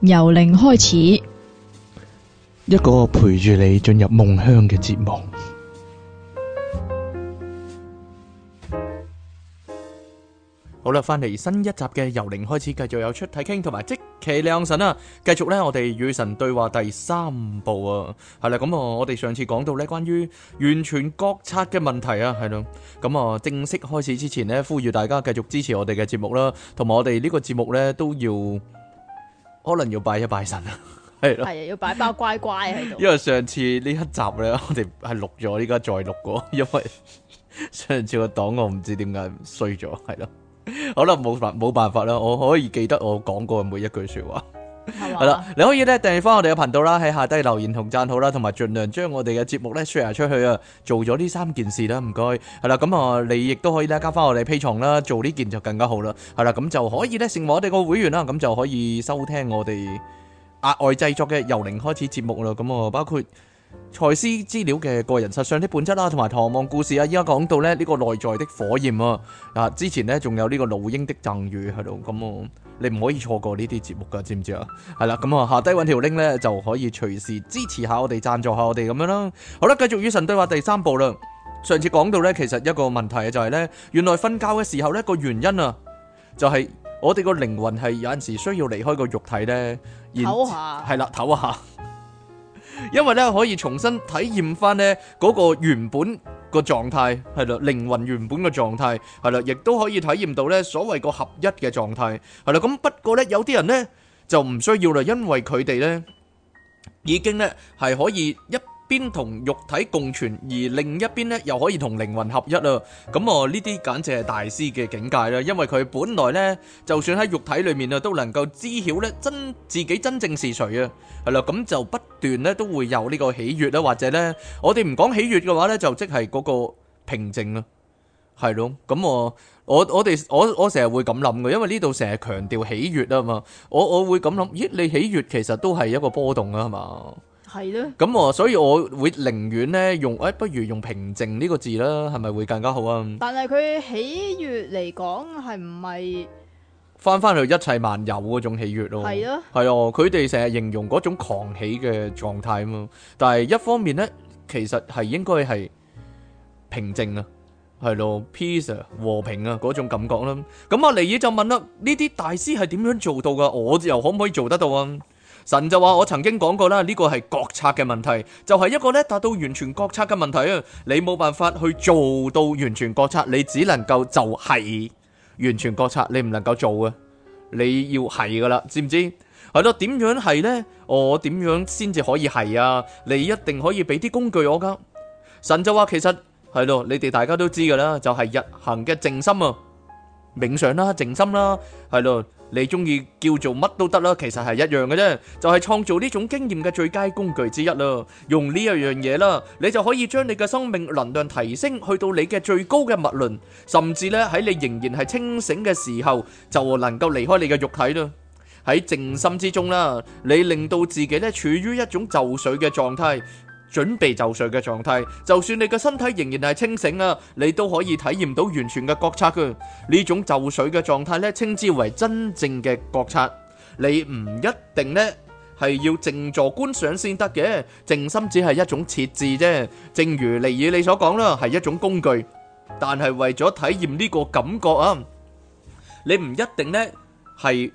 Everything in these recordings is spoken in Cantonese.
由零開始，一個陪住你進入夢鄉嘅節目。好啦，翻嚟，新一集嘅由零開始，繼續有出體傾，同埋即棋亮神啊！繼續呢，我哋與神對話第三部啊，係啦，咁、嗯、啊，我哋上次講到呢，關於完全覺察嘅問題啊，係咯，咁、嗯、啊，正式開始之前呢，呼籲大家繼續支持我哋嘅節目啦，同埋我哋呢個節目呢，都要。可能要拜一拜神啊，係 咯的，係啊，要擺包乖乖喺度。因為上次呢一集咧，我哋係錄咗，依家再錄過。因為 上次個檔我唔知點解衰咗，係咯。 好啦，冇法冇辦法啦，我可以記得我講過嘅每一句說話。係啦 吧，你可以咧訂翻我哋嘅頻道啦，喺下低留言同贊好啦，同埋盡量將我哋嘅節目咧 share 出去啊！做咗呢三件事啦，唔該。係啦，咁啊，你亦都可以咧加翻我哋 P 床啦，做呢件就更加好啦。係啦，咁就可以咧成為我哋個會員啦，咁就可以收聽我哋啊外製作嘅由零開始節目啦。咁啊，包括。財斯資料嘅個人實相的本質啦、啊，同埋唐望故事啊，依家講到咧呢、這個內在的火焰啊，嗱、啊、之前呢，仲有呢個老鷹的贈語喺度，咁啊你唔可以錯過呢啲節目噶，知唔知啊？係啦，咁 啊樂、嗯、下低搵條 link 呢，就可以隨時支持下我哋，贊助下我哋咁樣啦。好啦，繼續與神對話第三部啦。上次講到呢，其實一個問題就係呢，原來瞓覺嘅時候呢個原因啊，就係、是、我哋個靈魂係有陣時需要離開個肉體咧，係啦，唞下。因為呢可以重新體驗翻呢嗰個原本個狀態係啦，靈魂原本個狀態係啦，亦都可以體驗到呢所謂個合一嘅狀態係啦。咁不過呢有啲人呢就唔需要啦，因為佢哋呢已經呢係可以一。邊同肉體共存，而另一邊咧又可以同靈魂合一啊！咁啊，呢啲簡直係大師嘅境界啦。因為佢本來咧，就算喺肉體裏面啊，都能夠知曉咧真自己真正是誰啊。係啦，咁就不斷咧都會有呢個喜悦啦，或者咧，我哋唔講喜悦嘅話咧，就即係嗰個平靜啦。係咯，咁我我我哋我我成日會咁諗嘅，因為呢度成日強調喜悦啊嘛。我我會咁諗，咦？你喜悦其實都係一個波動啊嘛？係咯，咁我、嗯、所以我會寧願咧用，誒、哎，不如用平靜呢個字啦，係咪會更加好啊？但係佢喜悅嚟講係唔係返返去一切萬有嗰種喜悅咯？係咯的，係哦，佢哋成日形容嗰種狂喜嘅狀態嘛，但係一方面咧，其實係應該係平靜啊，係咯，peace 啊，和平啊，嗰種感覺啦。咁、嗯、阿、啊、尼爾就問啦，呢啲大師係點樣做到噶？我又可唔可以做得到啊？神就話：我曾經講過啦，呢、這個係覺察嘅問題，就係、是、一個呢達到完全覺察嘅問題啊！你冇辦法去做到完全覺察，你只能夠就係完全覺察，你唔能夠做啊！你要係噶啦，知唔知？係咯，點樣係呢？我、哦、點樣先至可以係啊？你一定可以俾啲工具我噶。神就話：其實係咯，你哋大家都知噶啦，就係、是、日行嘅靜心啊，冥想啦，靜心啦，係咯。你中意叫做乜都得啦，其實係一樣嘅啫，就係創造呢種經驗嘅最佳工具之一啦。用呢一樣嘢啦，你就可以將你嘅生命能量提升去到你嘅最高嘅脈輪，甚至咧喺你仍然係清醒嘅時候，就能夠離開你嘅肉體啦。喺靜心之中啦，你令到自己咧處於一種就緒嘅狀態。準備就睡嘅狀態，就算你嘅身體仍然係清醒啊你都可以體驗到完全嘅覺察嘅。呢種就睡嘅狀態咧，稱之為真正嘅覺察。你唔一定咧係要靜坐觀賞先得嘅，靜心只係一種設置啫。正如尼爾你所講啦，係一種工具，但係為咗體驗呢個感覺啊你唔一定咧係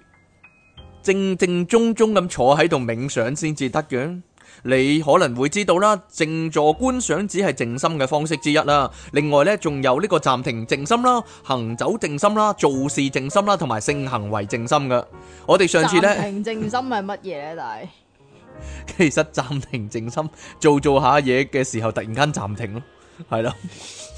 正正宗宗咁坐喺度冥想先至得嘅。你可能會知道啦，靜坐觀想只係靜心嘅方式之一啦。另外呢，仲有呢個暫停靜心啦、行走靜心啦、做事靜心啦，同埋性行為靜心㗎。我哋上次呢，暫停靜心係乜嘢？但係其實暫停靜心，做做下嘢嘅時候，突然間暫停咯，係啦。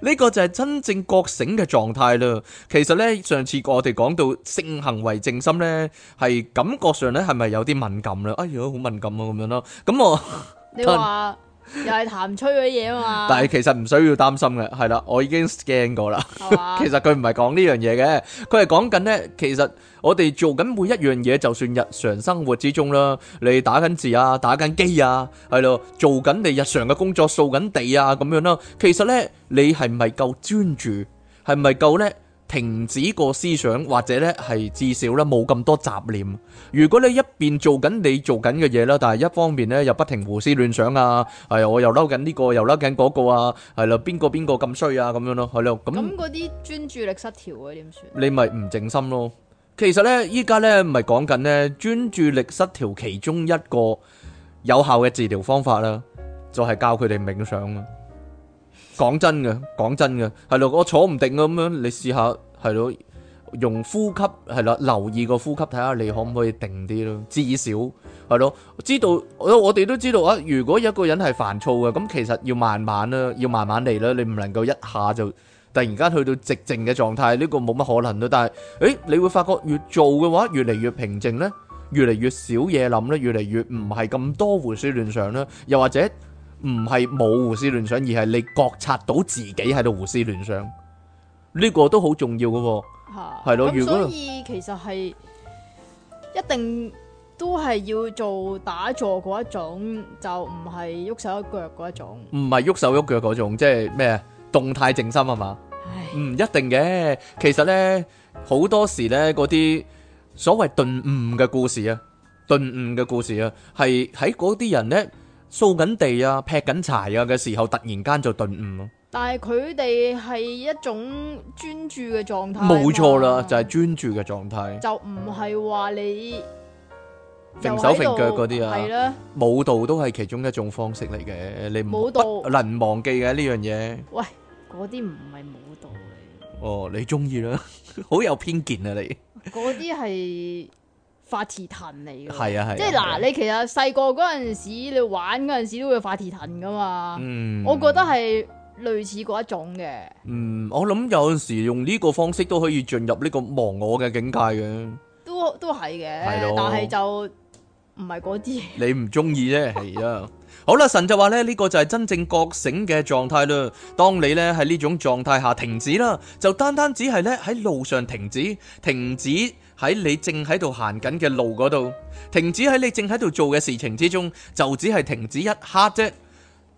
呢個就係真正覺醒嘅狀態啦。其實咧，上次我哋講到性行為正心咧，係感覺上咧係咪有啲敏感咧？哎唷，好敏感啊，咁樣咯。咁我你話？又係談吹嘅嘢啊嘛， 但係其實唔需要擔心嘅，係啦，我已經驚過啦。 其實佢唔係講呢樣嘢嘅，佢係講緊咧。其實我哋做緊每一樣嘢，就算日常生活之中啦，你打緊字啊，打緊機啊，係咯，做緊你日常嘅工作，掃緊地啊，咁樣咯。其實咧，你係咪夠專注，係咪夠叻？停止個思想，或者呢係至少呢冇咁多雜念。如果你一邊做緊你做緊嘅嘢啦，但係一方面呢又不停胡思亂想啊，係我又嬲緊呢個，又嬲緊嗰個啊，係啦邊個邊個咁衰啊咁樣咯，係咯咁。咁嗰啲專注力失調啊點算？你咪唔靜心咯。其實呢，依家呢唔係講緊呢專注力失調其中一個有效嘅治療方法啦，就係教佢哋冥想啊。講真嘅，講真嘅，係咯，我坐唔定咁樣，你試下，係咯，用呼吸，係啦，留意個呼吸，睇下你可唔可以定啲咯，至少係咯，知道，我哋都知道啊，如果一個人係煩躁嘅，咁其實要慢慢啦，要慢慢嚟啦，你唔能夠一下就突然間去到寂靜嘅狀態，呢個冇乜可能咯。但係，誒，你會發覺越做嘅話，越嚟越平靜咧，越嚟越少嘢諗咧，越嚟越唔係咁多胡思亂想啦。又或者。唔係冇胡思亂想，而係你覺察到自己喺度胡思亂想，呢個都好重要㗎，係咯。咁所以其實係一定都係要做打坐嗰一種，就唔係喐手喐腳嗰一種。唔係喐手喐腳嗰種，即係咩啊？動態靜心啊嘛，唔一定嘅。其實咧，好多時咧，嗰啲所謂頓悟嘅故事啊，頓悟嘅故事啊，係喺嗰啲人咧。掃緊地啊，劈緊柴啊嘅時候，突然間就頓悟咯。但係佢哋係一種專注嘅狀態。冇錯啦，就係專注嘅狀態。就唔係話你揈手揈腳嗰啲啊。係啦，舞蹈都係其中一種方式嚟嘅，你舞蹈唔能忘記嘅呢樣嘢。喂，嗰啲唔係舞蹈嚟。哦，你中意啦，好有偏見啊！你嗰啲係。發蹄騰嚟嘅，啊啊、即係是嗱，啊啊、你其實細個嗰陣時，你玩嗰陣時都會發蹄騰噶嘛。嗯、我覺得係類似嗰一種嘅。嗯，我諗有陣時用呢個方式都可以進入呢個忘我嘅境界嘅。都都係嘅，啊、但係就唔係嗰啲。你唔中意啫，係 啊。好啦，神就話咧，呢、呢個就係真正覺醒嘅狀態啦。當你咧喺呢種狀態下停止啦，就單單，單只係咧喺路上停止，停止。喺你正喺度行緊嘅路嗰度，停止喺你正喺度做嘅事情之中，就只係停止一刻啫。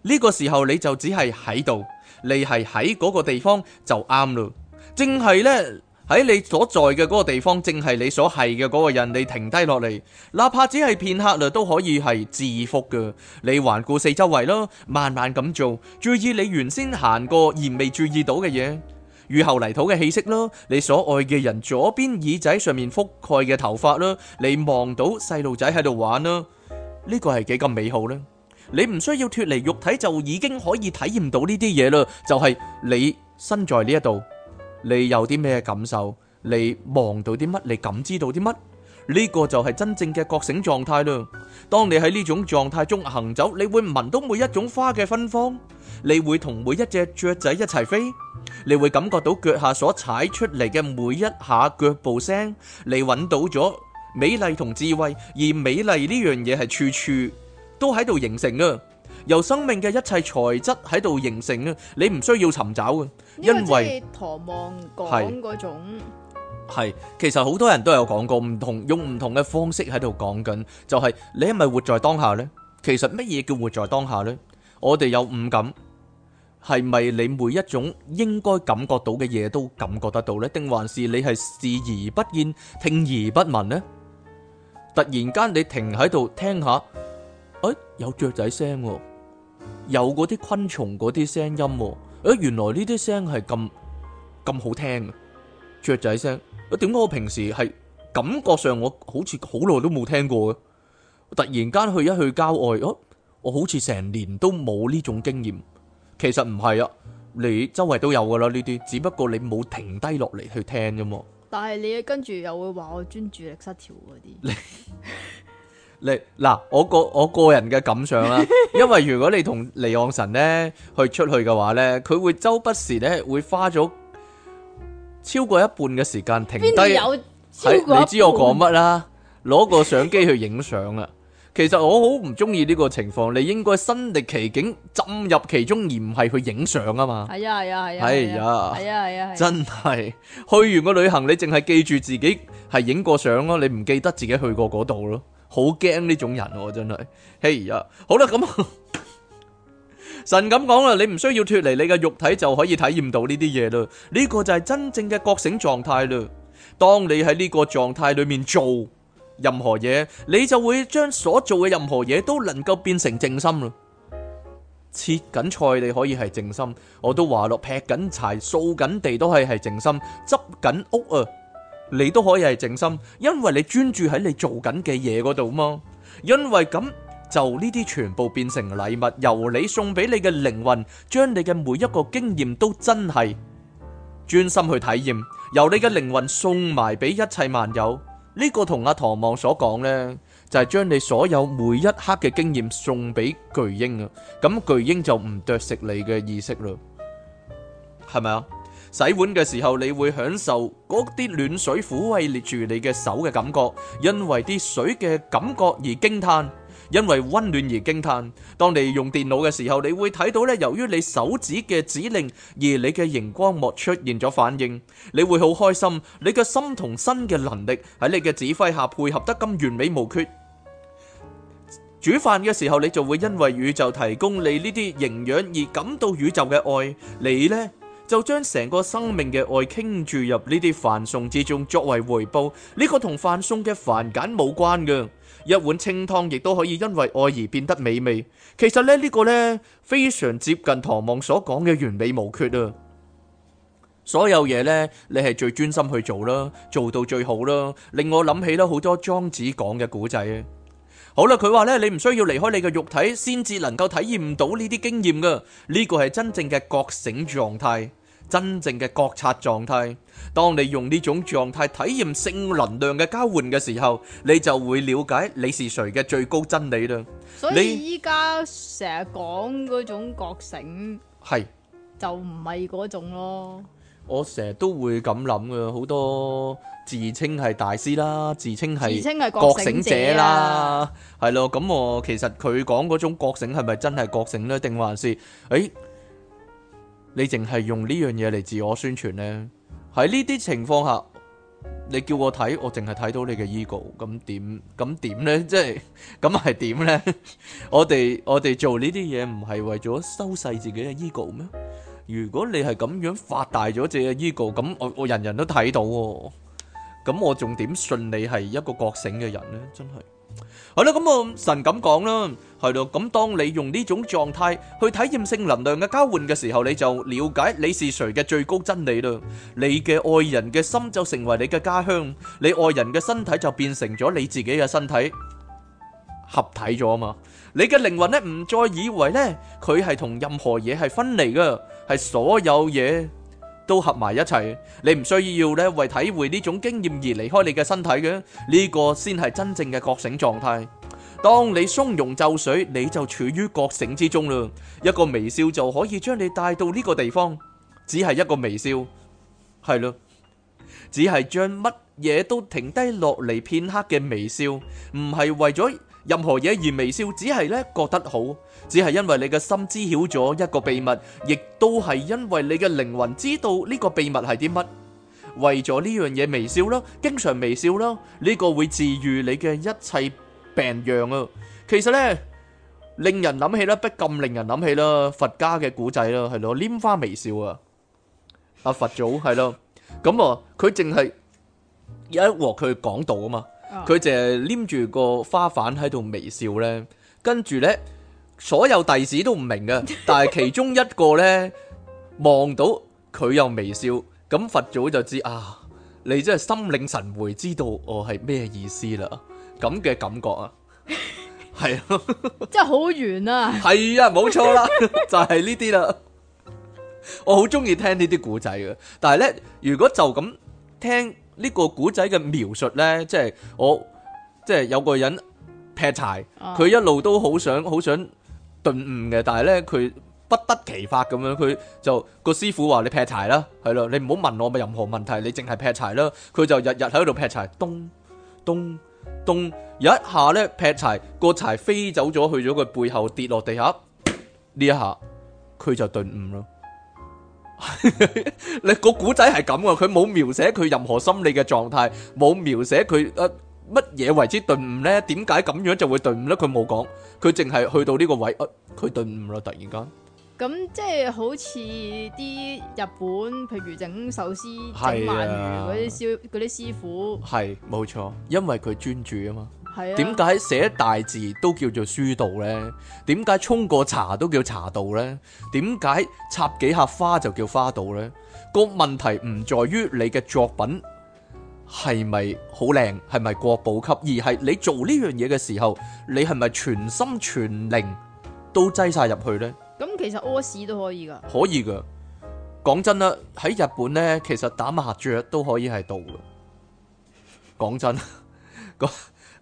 呢、這個時候你就只係喺度，你係喺嗰個地方就啱啦。淨係呢，喺你所在嘅嗰個地方，淨係你所係嘅嗰個人，你停低落嚟，哪怕只係片刻啦，都可以係自復㗎。你環顧四周圍囉，慢慢咁做，注意你原先行過而未注意到嘅嘢。雨後泥土嘅氣息啦，你所愛嘅人左邊耳仔上面覆蓋嘅頭髮啦，你望到細路仔喺度玩啦，呢個係幾咁美好呢？你唔需要脫離肉體就已經可以體驗到呢啲嘢啦，就係你身在呢一度，你有啲咩感受，你望到啲乜，你感知到啲乜，呢個就係真正嘅覺醒狀態啦。當你喺呢種狀態中行走，你會聞到每一種花嘅芬芳。你會同每一隻雀仔一齊飛，你會感覺到腳下所踩出嚟嘅每一下腳步聲，你揾到咗美麗同智慧，而美麗呢樣嘢係處處都喺度形成啊，由生命嘅一切材質喺度形成啊，你唔需要尋找嘅，因為螳螂講嗰種係，其實好多人都有講過，唔同用唔同嘅方式喺度講緊，就係你係咪活在當下呢？其實乜嘢叫活在當下呢？我哋有五感。係咪你每一種應該感覺到嘅嘢，都感覺得到咧？定還是你係視而不見，聽而不聞咧？突然間你停喺度聽下，誒，有雀仔聲喎，有嗰啲昆蟲嗰啲聲音喎，誒，原來呢啲聲係咁咁好聽嘅雀仔聲。誒，點解我平時係感覺上我好似好耐都冇聽過嘅？突然間去一去郊外，我我好似成年都冇呢種經驗。其實唔係啊，你周圍都有噶啦呢啲，只不過你冇停低落嚟去聽啫嘛。但係你跟住又會話我專注力失調嗰啲。你嗱， 我個我個人嘅感想啦，因為如果你同尼昂神呢去出去嘅話呢，佢會周不時咧會花咗超過一半嘅時間停低。有超過一半、哎、你知我講乜啦？攞個相機去影相啊！其實我好唔中意呢個情況，你應該身歷其境，浸入其中，而唔係去影相啊嘛。係啊係啊係啊係啊係啊係啊！真係去完個旅行，你淨係記住自己係影過相咯，你唔記得自己去過嗰度咯。好驚呢種人，真係。嘿呀，好啦，咁神咁講啦，你唔需要脫離你嘅肉體就可以體驗到呢啲嘢啦。呢個就係真正嘅覺醒狀態啦。當你喺呢個狀態裏面做。任何嘢，你就會將所做嘅任何嘢都能夠變成靜心啦。切緊菜，你可以係靜心，我都話落，劈緊柴、掃緊地都係係靜心，執緊屋啊，你都可以係靜心，因為你專注喺你做緊嘅嘢嗰度嘛。因為咁就呢啲全部變成禮物，由你送俾你嘅靈魂，將你嘅每一個經驗都真係專心去體驗，由你嘅靈魂送埋俾一切萬有。呢個同阿唐望所講呢，就係將你所有每一刻嘅經驗送俾巨英啊，咁巨鷹就唔啄食你嘅意識咯，係咪啊？洗碗嘅時候，你會享受嗰啲暖水撫慰住你嘅手嘅感覺，因為啲水嘅感覺而驚歎。因為溫暖而驚嘆。當你用電腦嘅時候，你會睇到咧，由於你手指嘅指令，而你嘅熒光幕出現咗反應，你會好開心。你嘅心同身嘅能力喺你嘅指揮下配合得咁完美無缺。煮飯嘅時候，你就會因為宇宙提供你呢啲營養而感到宇宙嘅愛。你呢，就將成個生命嘅愛傾注入呢啲飯餚之中，作為回報。呢個同飯餚嘅繁簡冇關嘅。一碗清湯亦都可以因為愛而變得美味。其實咧呢個呢，非常接近唐望所講嘅完美無缺啊！所有嘢呢，你係最專心去做啦，做到最好啦，令我諗起啦好多莊子講嘅古仔。啊。好啦，佢話呢，你唔需要離開你嘅肉體，先至能夠體驗到呢啲經驗噶。呢個係真正嘅覺醒狀態。真正嘅覺察狀態，當你用呢種狀態體驗性能量嘅交換嘅時候，你就會了解你是誰嘅最高真理啦。所以依家成日講嗰種覺醒，係就唔係嗰種咯。我成日都會咁諗噶，好多自稱係大師啦，自稱係自稱係覺醒者啦，係咯。咁我其實佢講嗰種覺醒係咪真係覺醒呢？定還是誒？你淨係用呢樣嘢嚟自我宣傳咧？喺呢啲情況下，你叫我睇，我淨係睇到你嘅 ego，咁點？咁點咧？即係咁係點咧？我哋我哋做呢啲嘢唔係為咗收細自己嘅 ego 咩？如果你係咁樣發大咗自己嘅 ego，咁我我人人都睇到喎，咁我仲點信你係一個覺醒嘅人咧？真係。係啦，咁啊神咁講啦，係咯，咁當你用呢種狀態去體驗性能量嘅交換嘅時候，你就了解你是誰嘅最高真理啦。你嘅愛人嘅心就成為你嘅家鄉，你愛人嘅身體就變成咗你自己嘅身體，合體咗啊嘛。你嘅靈魂咧，唔再以為咧，佢係同任何嘢係分離嘅，係所有嘢。都合埋一齊，你唔需要咧為體會呢種經驗而離開你嘅身體嘅，呢個先係真正嘅覺醒狀態。當你鬆容就水，你就處於覺醒之中啦。一個微笑就可以將你帶到呢個地方，只係一個微笑，係咯，只係將乜嘢都停低落嚟片刻嘅微笑，唔係為咗任何嘢而微笑，只係咧覺得好。只係因為你嘅心知曉咗一個秘密，亦都係因為你嘅靈魂知道呢個秘密係啲乜。為咗呢樣嘢微笑咯，經常微笑咯，呢個會治癒你嘅一切病恙啊！其實呢，令人諗起啦，不禁令人諗起啦，佛家嘅古仔啦，係咯，拈花微笑啊，阿佛祖係咯，咁啊，佢淨係一鑊佢講道啊嘛，佢淨係拈住個花瓣喺度微笑呢，跟住呢。所有弟子都唔明嘅，但係其中一個咧望到佢又微笑，咁佛祖就知啊，你真係心領神會，知道我係咩意思啦，咁嘅感覺啊，係啊，真係好圓啊，係啊，冇錯啦，就係呢啲啦，我好中意聽呢啲古仔嘅，但係咧如果就咁聽呢個古仔嘅描述咧，即係我即係有個人劈柴，佢一路都好想好想。頓悟嘅，但係咧佢不得其法咁樣，佢就個師傅話你劈柴啦，係咯，你唔好問我咪任何問題，你淨係劈柴啦。佢就日日喺度劈柴，咚咚咚，有一下咧劈柴個柴飛走咗去咗佢背後跌落地下，呢一下佢就頓悟咯。你個古仔係咁嘅，佢冇描寫佢任何心理嘅狀態，冇描寫佢誒。乜嘢為之頓悟呢？點解咁樣就會頓悟呢？佢冇講，佢淨係去到呢個位，佢頓悟啦！突然間，咁即係好似啲日本，譬如整壽司、整鰻魚嗰啲師嗰啲師傅，係冇錯，因為佢專注啊嘛。係啊，點解寫大字都叫做書道呢？點解沖個茶都叫茶道呢？點解插幾下花就叫花道呢？個問題唔在於你嘅作品。係咪好靚？係咪國寶級？而係你做呢樣嘢嘅時候，你係咪全心全靈都擠晒入去呢？咁其實屙屎都可以噶，可以噶。講真啦，喺日本呢，其實打麻雀都可以係到噶。講真，個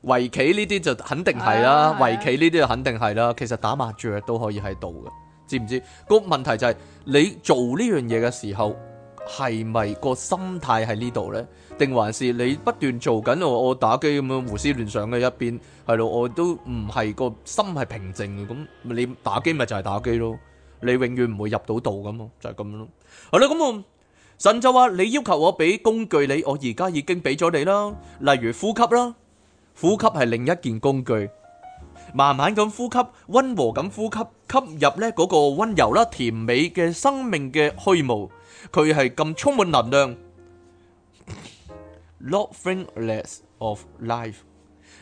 圍棋呢啲就肯定係啦，圍 棋呢啲就肯定係啦。 其實打麻雀都可以係到噶，知唔知？個問題就係、是、你做呢樣嘢嘅時候，係咪個心態喺呢度呢？定還是你不斷做緊我打機咁樣胡思亂想嘅一邊，係咯，我都唔係個心係平靜嘅，咁你打機咪就係打機咯，你永遠唔會入到道咁咯，就係咁樣咯。係啦，咁啊神就話你要求我俾工具你，我而家已經俾咗你啦，例如呼吸啦，呼吸係另一件工具，慢慢咁呼吸，溫和咁呼吸，吸入咧嗰個溫柔啦、甜美嘅生命嘅虛無，佢係咁充滿能量。lovingness of life，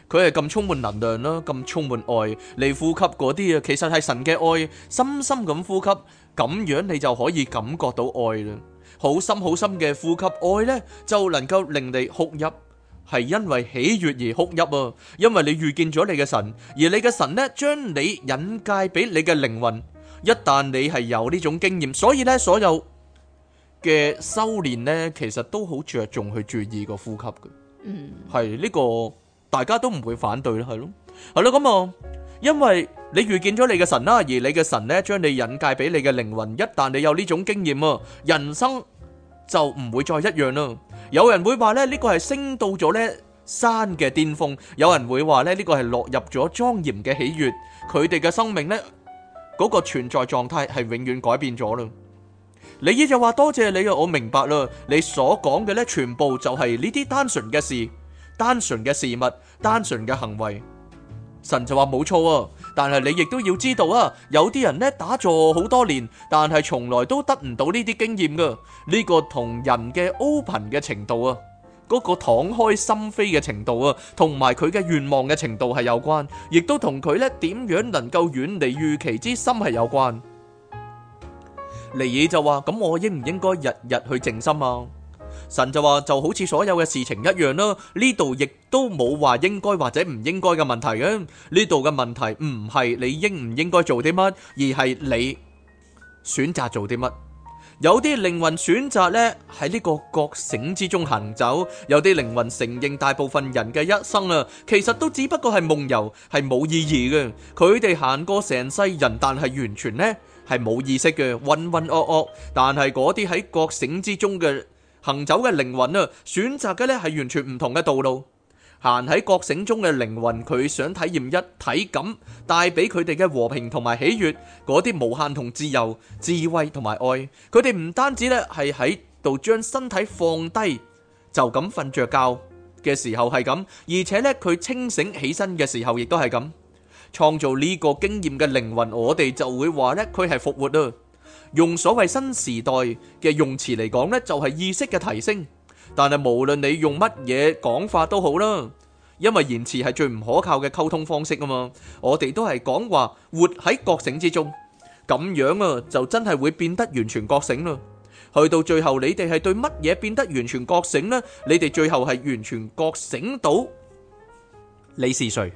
佢係咁充滿能量啦，咁充滿愛，你呼吸嗰啲啊，其實係神嘅愛，深深咁呼吸，咁樣你就可以感覺到愛啦，好深好深嘅呼吸，愛呢就能夠令你哭泣，係因為喜悅而哭泣啊，因為你遇見咗你嘅神，而你嘅神呢，將你引介俾你嘅靈魂，一旦你係有呢種經驗，所以呢所有。嘅修練呢，其實都好着重去注意個呼吸嘅，嗯，係呢個大家都唔會反對啦，係咯，係咯，咁啊，因為你遇見咗你嘅神啦，而你嘅神呢，將你引介俾你嘅靈魂，一旦你有呢種經驗啊，人生就唔會再一樣啦。有人會話呢，呢個係升到咗呢山嘅巔峰；有人會話呢，呢個係落入咗莊嚴嘅喜悅。佢哋嘅生命呢，嗰個存在狀態係永遠改變咗啦。你亦就話，多謝你啊，我明白啦，你所講嘅呢，全部就係呢啲單純嘅事、單純嘅事物、單純嘅行為。神就話冇錯啊，但係你亦都要知道啊，有啲人呢，打坐好多年，但係從來都得唔到呢啲經驗噶。呢個同人嘅 open 嘅程度啊，嗰個敞開心扉嘅程度啊，同埋佢嘅願望嘅程度係有關，亦都同佢呢點樣能夠遠離預期之心係有關。尼爾就話咁，我應唔應該日日去靜心啊？神就話就好似所有嘅事情一樣啦，呢度亦都冇話應該或者唔應該嘅問題嘅，呢度嘅問題唔係你應唔應該做啲乜，而係你選擇做啲乜。有啲靈魂選擇呢，喺呢個覺醒之中行走,走，有啲靈魂承認大部分人嘅一生啊，其實都只不過係夢遊，係冇意義嘅。佢哋行過成世人，但係完全呢？係冇意識嘅，渾渾噩噩。但係嗰啲喺覺醒之中嘅行走嘅靈魂啊，選擇嘅呢係完全唔同嘅道路。行喺覺醒中嘅靈魂，佢想體驗一體感，帶俾佢哋嘅和平同埋喜悅，嗰啲無限同自由，智慧同埋愛。佢哋唔單止呢係喺度將身體放低，就咁瞓着覺嘅時候係咁，而且呢佢清醒起身嘅時候亦都係咁。創造呢個經驗嘅靈魂，我哋就會話呢佢係復活啦。用所謂新時代嘅用詞嚟講呢，就係意識嘅提升。但係無論你用乜嘢講法都好啦，因為言辭係最唔可靠嘅溝通方式啊嘛。我哋都係講話活喺覺醒之中，咁樣啊就真係會變得完全覺醒啦。去到最後你哋係對乜嘢變得完全覺醒呢？你哋最後係完全覺醒到你是誰？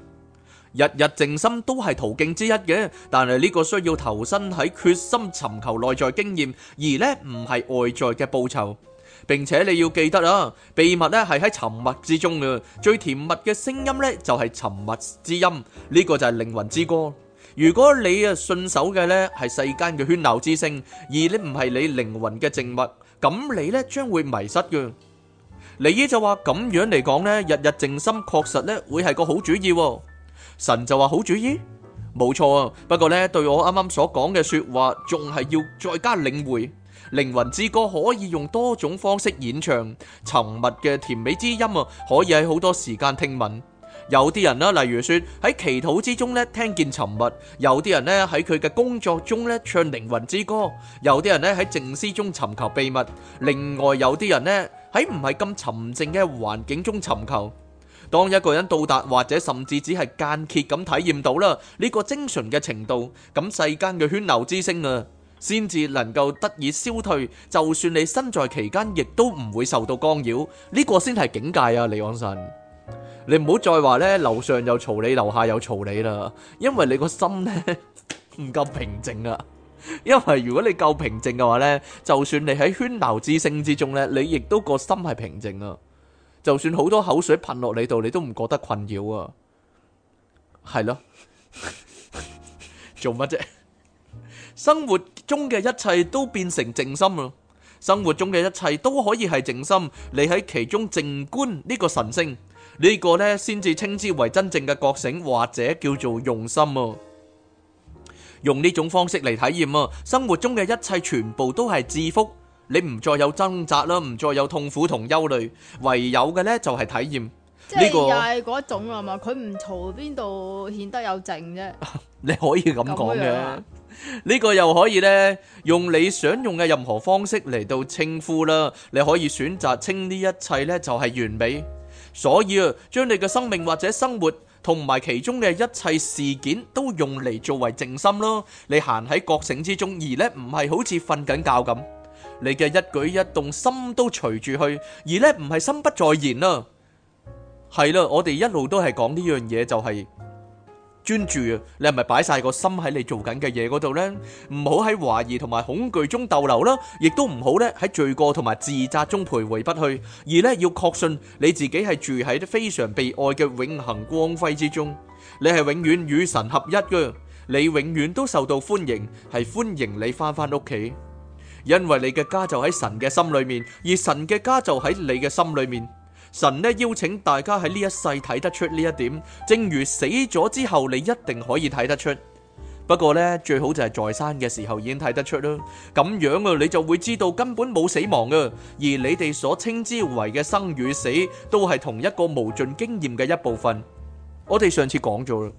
日日靜心都係途徑之一嘅，但係呢個需要投身喺決心尋求內在經驗，而咧唔係外在嘅報酬，並且你要記得啊，秘密咧係喺沉默之中嘅，最甜蜜嘅聲音咧就係沉默之音，呢個就係靈魂之歌。如果你啊信守嘅咧係世間嘅喧鬧之聲，而你唔係你靈魂嘅靜默，咁你咧將會迷失嘅。尼爾就話咁樣嚟講咧，日日靜心確實咧會係個好主意。神就話好主意，冇錯啊！不過咧，對我啱啱所講嘅說話，仲係要再加領會。靈魂之歌可以用多種方式演唱，沉默嘅甜美之音啊，可以喺好多時間聽聞。有啲人呢，例如說喺祈禱之中咧聽見沉默；有啲人呢，喺佢嘅工作中咧唱靈魂之歌；有啲人呢，喺靜思中尋求秘密；另外有啲人呢，喺唔係咁沉靜嘅環境中尋求。當一個人到達或者甚至只係間歇咁體驗到啦呢、這個精神嘅程度，咁世間嘅喧鬧之聲啊，先至能夠得以消退。就算你身在其間，亦都唔會受到干擾。呢、這個先係境界啊，李安神。你唔好再話咧樓上又嘈你，樓下又嘈你啦。因為你個心咧唔 夠平靜啊。因為如果你夠平靜嘅話呢，就算你喺喧鬧之聲之中呢，你亦都個心係平靜啊。就算好多口水噴落你度，你都唔覺得困擾啊，係咯？ 做乜啫？生活中嘅一切都變成靜心啊。生活中嘅一切都可以係靜心，你喺其中靜觀呢個神聖，呢個呢先至稱之為真正嘅覺醒，或者叫做用心啊。用呢種方式嚟體驗啊，生活中嘅一切全部都係至福。你唔再有掙扎啦，唔再有痛苦同憂慮，唯有嘅呢就係體驗。呢個又係嗰一種啊嘛，佢唔嘈邊度顯得有靜啫。你可以咁講嘅，呢個又可以呢用你想用嘅任何方式嚟到稱呼啦。你可以選擇稱呢一切呢就係完美，所以啊，將你嘅生命或者生活同埋其中嘅一切事件都用嚟作為靜心咯。你行喺覺醒之中，而呢唔係好似瞓緊覺咁。你嘅一舉一動，心都隨住去，而咧唔係心不在焉啦。係啦，我哋一路都係講呢樣嘢，就係專注啊！你係咪擺晒個心喺你做緊嘅嘢嗰度咧？唔好喺懷疑同埋恐懼中逗留啦，亦都唔好咧喺罪過同埋自責中徘徊不去，而咧要確信你自己係住喺啲非常被愛嘅永恒光輝之中，你係永遠與神合一㗎，你永遠都受到歡迎，係歡迎你返返屋企。因為你嘅家就喺神嘅心裏面，而神嘅家就喺你嘅心裏面。神呢邀請大家喺呢一世睇得出呢一點，正如死咗之後你一定可以睇得出。不過呢，最好就係在生嘅時候已經睇得出啦，咁樣啊你就會知道根本冇死亡噶，而你哋所稱之為嘅生與死都係同一個無盡經驗嘅一部分。我哋上次講咗啦，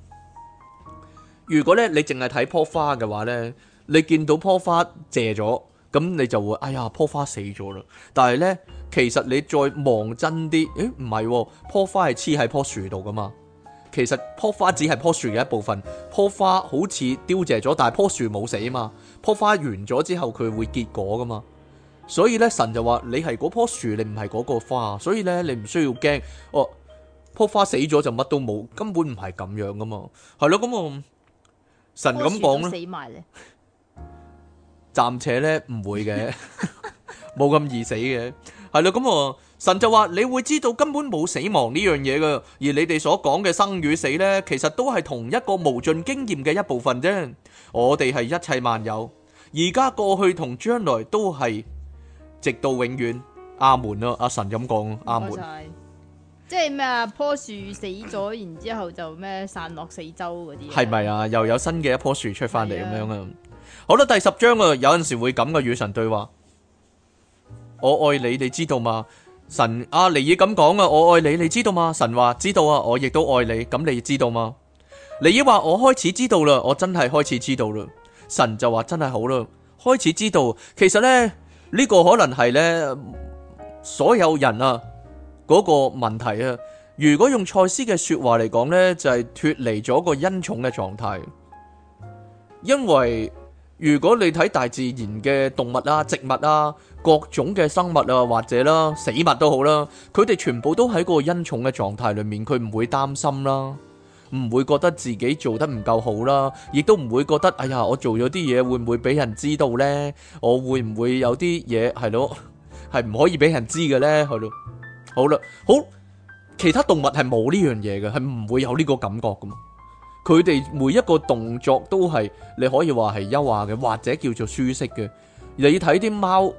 如果咧你淨係睇棵花嘅話呢，你見到棵花謝咗。咁你就會哎呀，棵花死咗啦。但係咧，其實你再望真啲，誒，唔係啊，棵花係黐喺樖樹度噶嘛。其實棵花只係樖樹嘅一部分。棵花好似凋謝咗，但係棵樹冇死啊嘛。棵花完咗之後，佢會結果噶嘛。所以咧，神就話你係嗰棵樹，你唔係嗰個花，所以咧，你唔需要驚。哦，棵花死咗就乜都冇，根本唔係咁樣噶嘛。係咯，咁我神咁講啦。暫且咧唔會嘅，冇咁易死嘅，係咯咁我。神就話你會知道根本冇死亡呢樣嘢嘅，而你哋所講嘅生與死咧，其實都係同一個無盡經驗嘅一部分啫。我哋係一切萬有，而家過去同將來都係直到永遠。阿門咯，阿神咁講，阿門。即係咩啊？樖樹死咗，然之後就咩散落四周嗰啲，係咪啊？又有新嘅一棵樹出翻嚟咁樣啊？好啦，第十章啊，有陣時會咁嘅與神對話，我愛你，你知道嗎？神啊，尼爾咁講啊，我愛你，你知道嗎？神話知道啊，我亦都愛你，咁你知道嗎？尼爾話我開始知道啦，我真係開始知道啦。神就話真係好啦，開始知道。其實呢，呢個可能係呢所有人啊嗰個問題啊。如果用賽斯嘅說話嚟講呢，就係脫離咗個恩寵嘅狀態，因為。如果你睇大自然嘅動物啦、植物啊、各種嘅生物啊，或者啦死物都好啦，佢哋全部都喺個恩寵嘅狀態裏面，佢唔會擔心啦，唔會覺得自己做得唔夠好啦，亦都唔會覺得哎呀，我做咗啲嘢會唔會俾人知道呢？我會唔會有啲嘢係咯，係唔可以俾人知嘅呢？係咯，好啦，好，其他動物係冇呢樣嘢嘅，係唔會有呢個感覺嘅。佢哋每一個動作都係你可以話係優雅嘅，或者叫做舒適嘅。你睇啲貓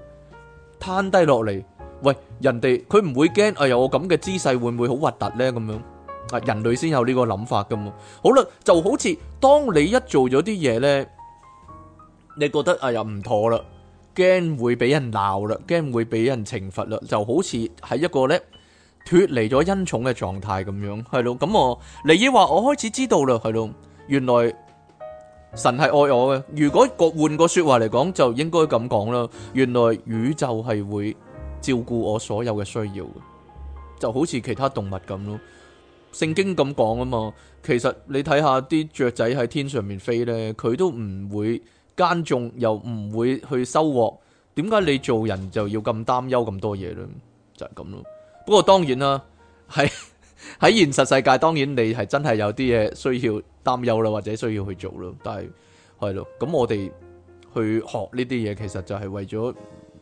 攤低落嚟，喂人哋佢唔會驚，哎呀，我咁嘅姿勢會唔會好核突咧？咁樣啊，人類先有呢個諗法噶嘛。好啦，就好似當你一做咗啲嘢咧，你覺得哎呀，唔妥啦，驚會俾人鬧啦，驚會俾人懲罰啦，就好似係一個咧。脫離咗恩寵嘅狀態咁樣，係咯，咁我，尼爾話我開始知道啦，係咯，原來神係愛我嘅。如果個換個說話嚟講，就應該咁講啦。原來宇宙係會照顧我所有嘅需要嘅，就好似其他動物咁咯。聖經咁講啊嘛，其實你睇下啲雀仔喺天上面飛呢，佢都唔會耕種，又唔會去收穫。點解你做人就要咁擔憂咁多嘢呢？就係咁咯。不過當然啦，喺喺現實世界，當然你係真係有啲嘢需要擔憂啦，或者需要去做咯。但係係咯，咁我哋去學呢啲嘢，其實就係為咗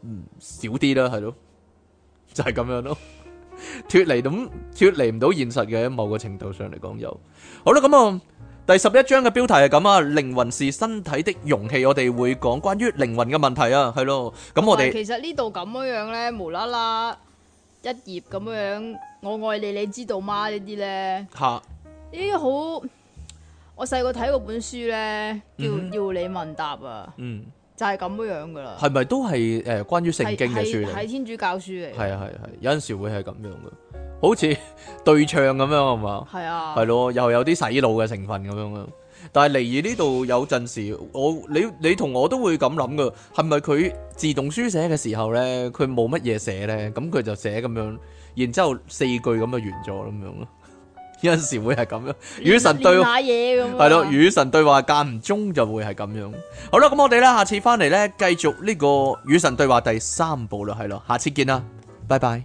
嗯少啲啦，係咯，就係咁樣咯。脫離咁，脫離唔到現實嘅，某個程度上嚟講有。好啦，咁啊，第十一章嘅標題係咁啊，靈魂是身體的容器，我哋會講關於靈魂嘅問題啊，係咯。咁我哋其實呢度咁樣樣咧，無啦啦。一頁咁樣我愛你，你知道嗎？呢啲咧，呢啲好，我細個睇嗰本書咧，叫《要你問答》啊，嗯、就係咁樣樣噶啦。係咪都係誒，關於聖經嘅書嚟？係天主教書嚟。係啊係係，有陣時會係咁樣噶，好似對唱咁樣係嘛？係啊，係咯，又有啲洗腦嘅成分咁樣。但係嚟而呢度有陣時，我你你同我都會咁諗噶，係咪佢自動書寫嘅時候呢？佢冇乜嘢寫呢，咁佢就寫咁樣，然之後四句咁就完咗咁樣咯。 有陣時會係咁樣與神對話，係咯，與神對話間唔中就會係咁樣。好啦，咁我哋咧下次翻嚟呢，繼續呢個與神對話第三部啦，係咯，下次見啦，拜拜。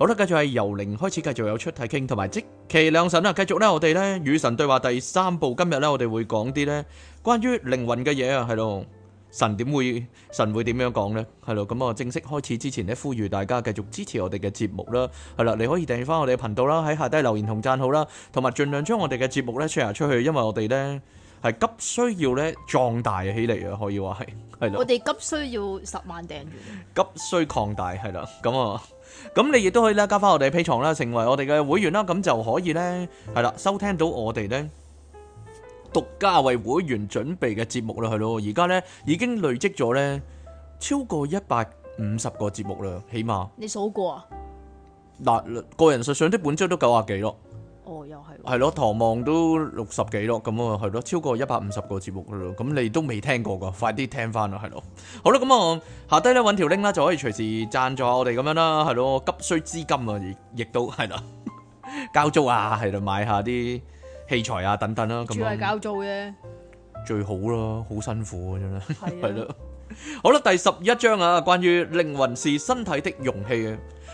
好啦，繼續係由零開始，繼續有出嚟傾，同埋即期兩神啦。繼續咧，我哋咧與神對話第三部，今日咧我哋會講啲咧關於靈魂嘅嘢啊，係咯，神點會，神會點樣講咧？係咯，咁啊，正式開始之前咧，呼籲大家繼續支持我哋嘅節目啦。係啦，你可以訂閱翻我哋嘅頻道啦，喺下低留言同讚好啦，同埋盡量將我哋嘅節目咧 share 出去，因為我哋咧係急需要咧壯大起嚟力可以話係係咯。我哋急需要十萬訂閱。急需擴大係啦，咁啊。咁你亦都可以咧，加翻我哋 Patreon 啦，成為我哋嘅會員啦，咁就可以咧，係啦，收聽到我哋咧獨家為會員準備嘅節目啦，係咯，而家咧已經累積咗咧超過一百五十個節目啦，起碼。你數過啊？嗱，個人實際上的本周都九呀幾咯。哦，又係，係咯，唐望都六十幾咯，咁啊，係咯，超過一百五十個節目噶咯，咁你都未聽過噶，快啲聽翻啦，係咯，好啦，咁啊，下低咧搵條 link 啦，就可以隨時讚助下我哋咁樣啦，係咯，急需資金啊，亦都係啦，交租啊，係啦，買下啲器材啊，等等啦，咁住係交租啫，最好咯，好辛苦啊真係，係咯，好啦，第十一章啊，關於靈魂是身體的容器嘅。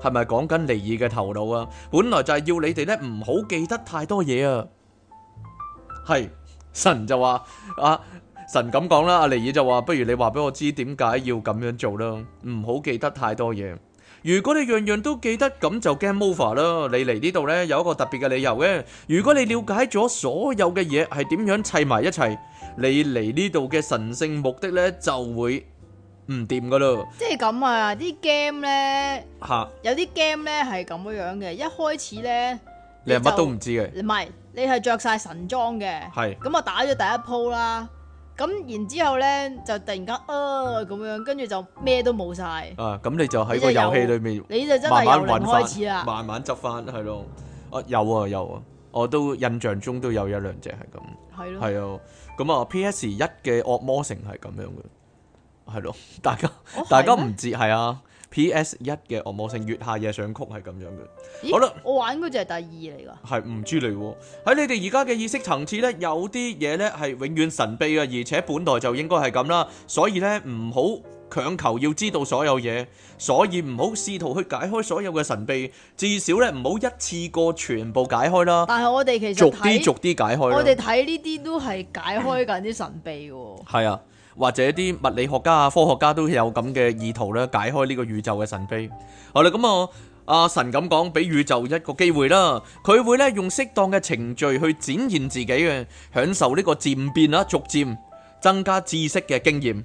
係咪講緊尼爾嘅頭腦啊？本來就係要你哋咧唔好記得太多嘢啊！係神就話啊，神咁講啦，阿尼爾就話，不如你話俾我知點解要咁樣做啦？唔好記得太多嘢。如果你樣樣都記得，咁就 game over 啦。你嚟呢度咧有一個特別嘅理由嘅。如果你了解咗所有嘅嘢係點樣砌埋一齊，你嚟呢度嘅神聖目的咧就會。唔掂噶咯，即係咁啊！啲 game 咧，有啲 game 咧係咁樣樣嘅，一開始咧，你係乜都唔知嘅，唔係，你係着晒神裝嘅，係，咁啊打咗第一鋪啦，咁然之後咧就突然間啊咁樣，跟住就咩都冇晒，啊，咁你就喺個遊戲裏面，你就真係由零開始啦，慢慢執翻係咯，啊有啊有啊，我都印象中都有一兩隻係咁，係咯，係啊，咁啊 PS1 嘅惡魔城係咁樣嘅。係咯，大家、oh, 大家唔知係嗎啊。PS1 嘅《惡魔城月下夜想曲》係咁樣嘅。好啦的，我玩嗰隻係第二嚟噶。係唔知嚟喎。喺你哋而家嘅意識層次呢，有啲嘢呢係永遠神秘嘅，而且本來就應該係咁啦。所以呢，唔好強求要知道所有嘢，所以唔好試圖去解開所有嘅神秘。至少呢，唔好一次過全部解開啦。但係我哋其實逐啲逐啲解開。我哋睇呢啲都係解開緊啲神秘喎。係 啊。或者啲物理學家啊、科學家都有咁嘅意圖咧，解開呢個宇宙嘅神秘。好、嗯、啦，咁我阿神咁講，俾宇宙一個機會啦，佢會咧用適當嘅程序去展現自己嘅，享受呢個漸變啦，逐漸增加知識嘅經驗。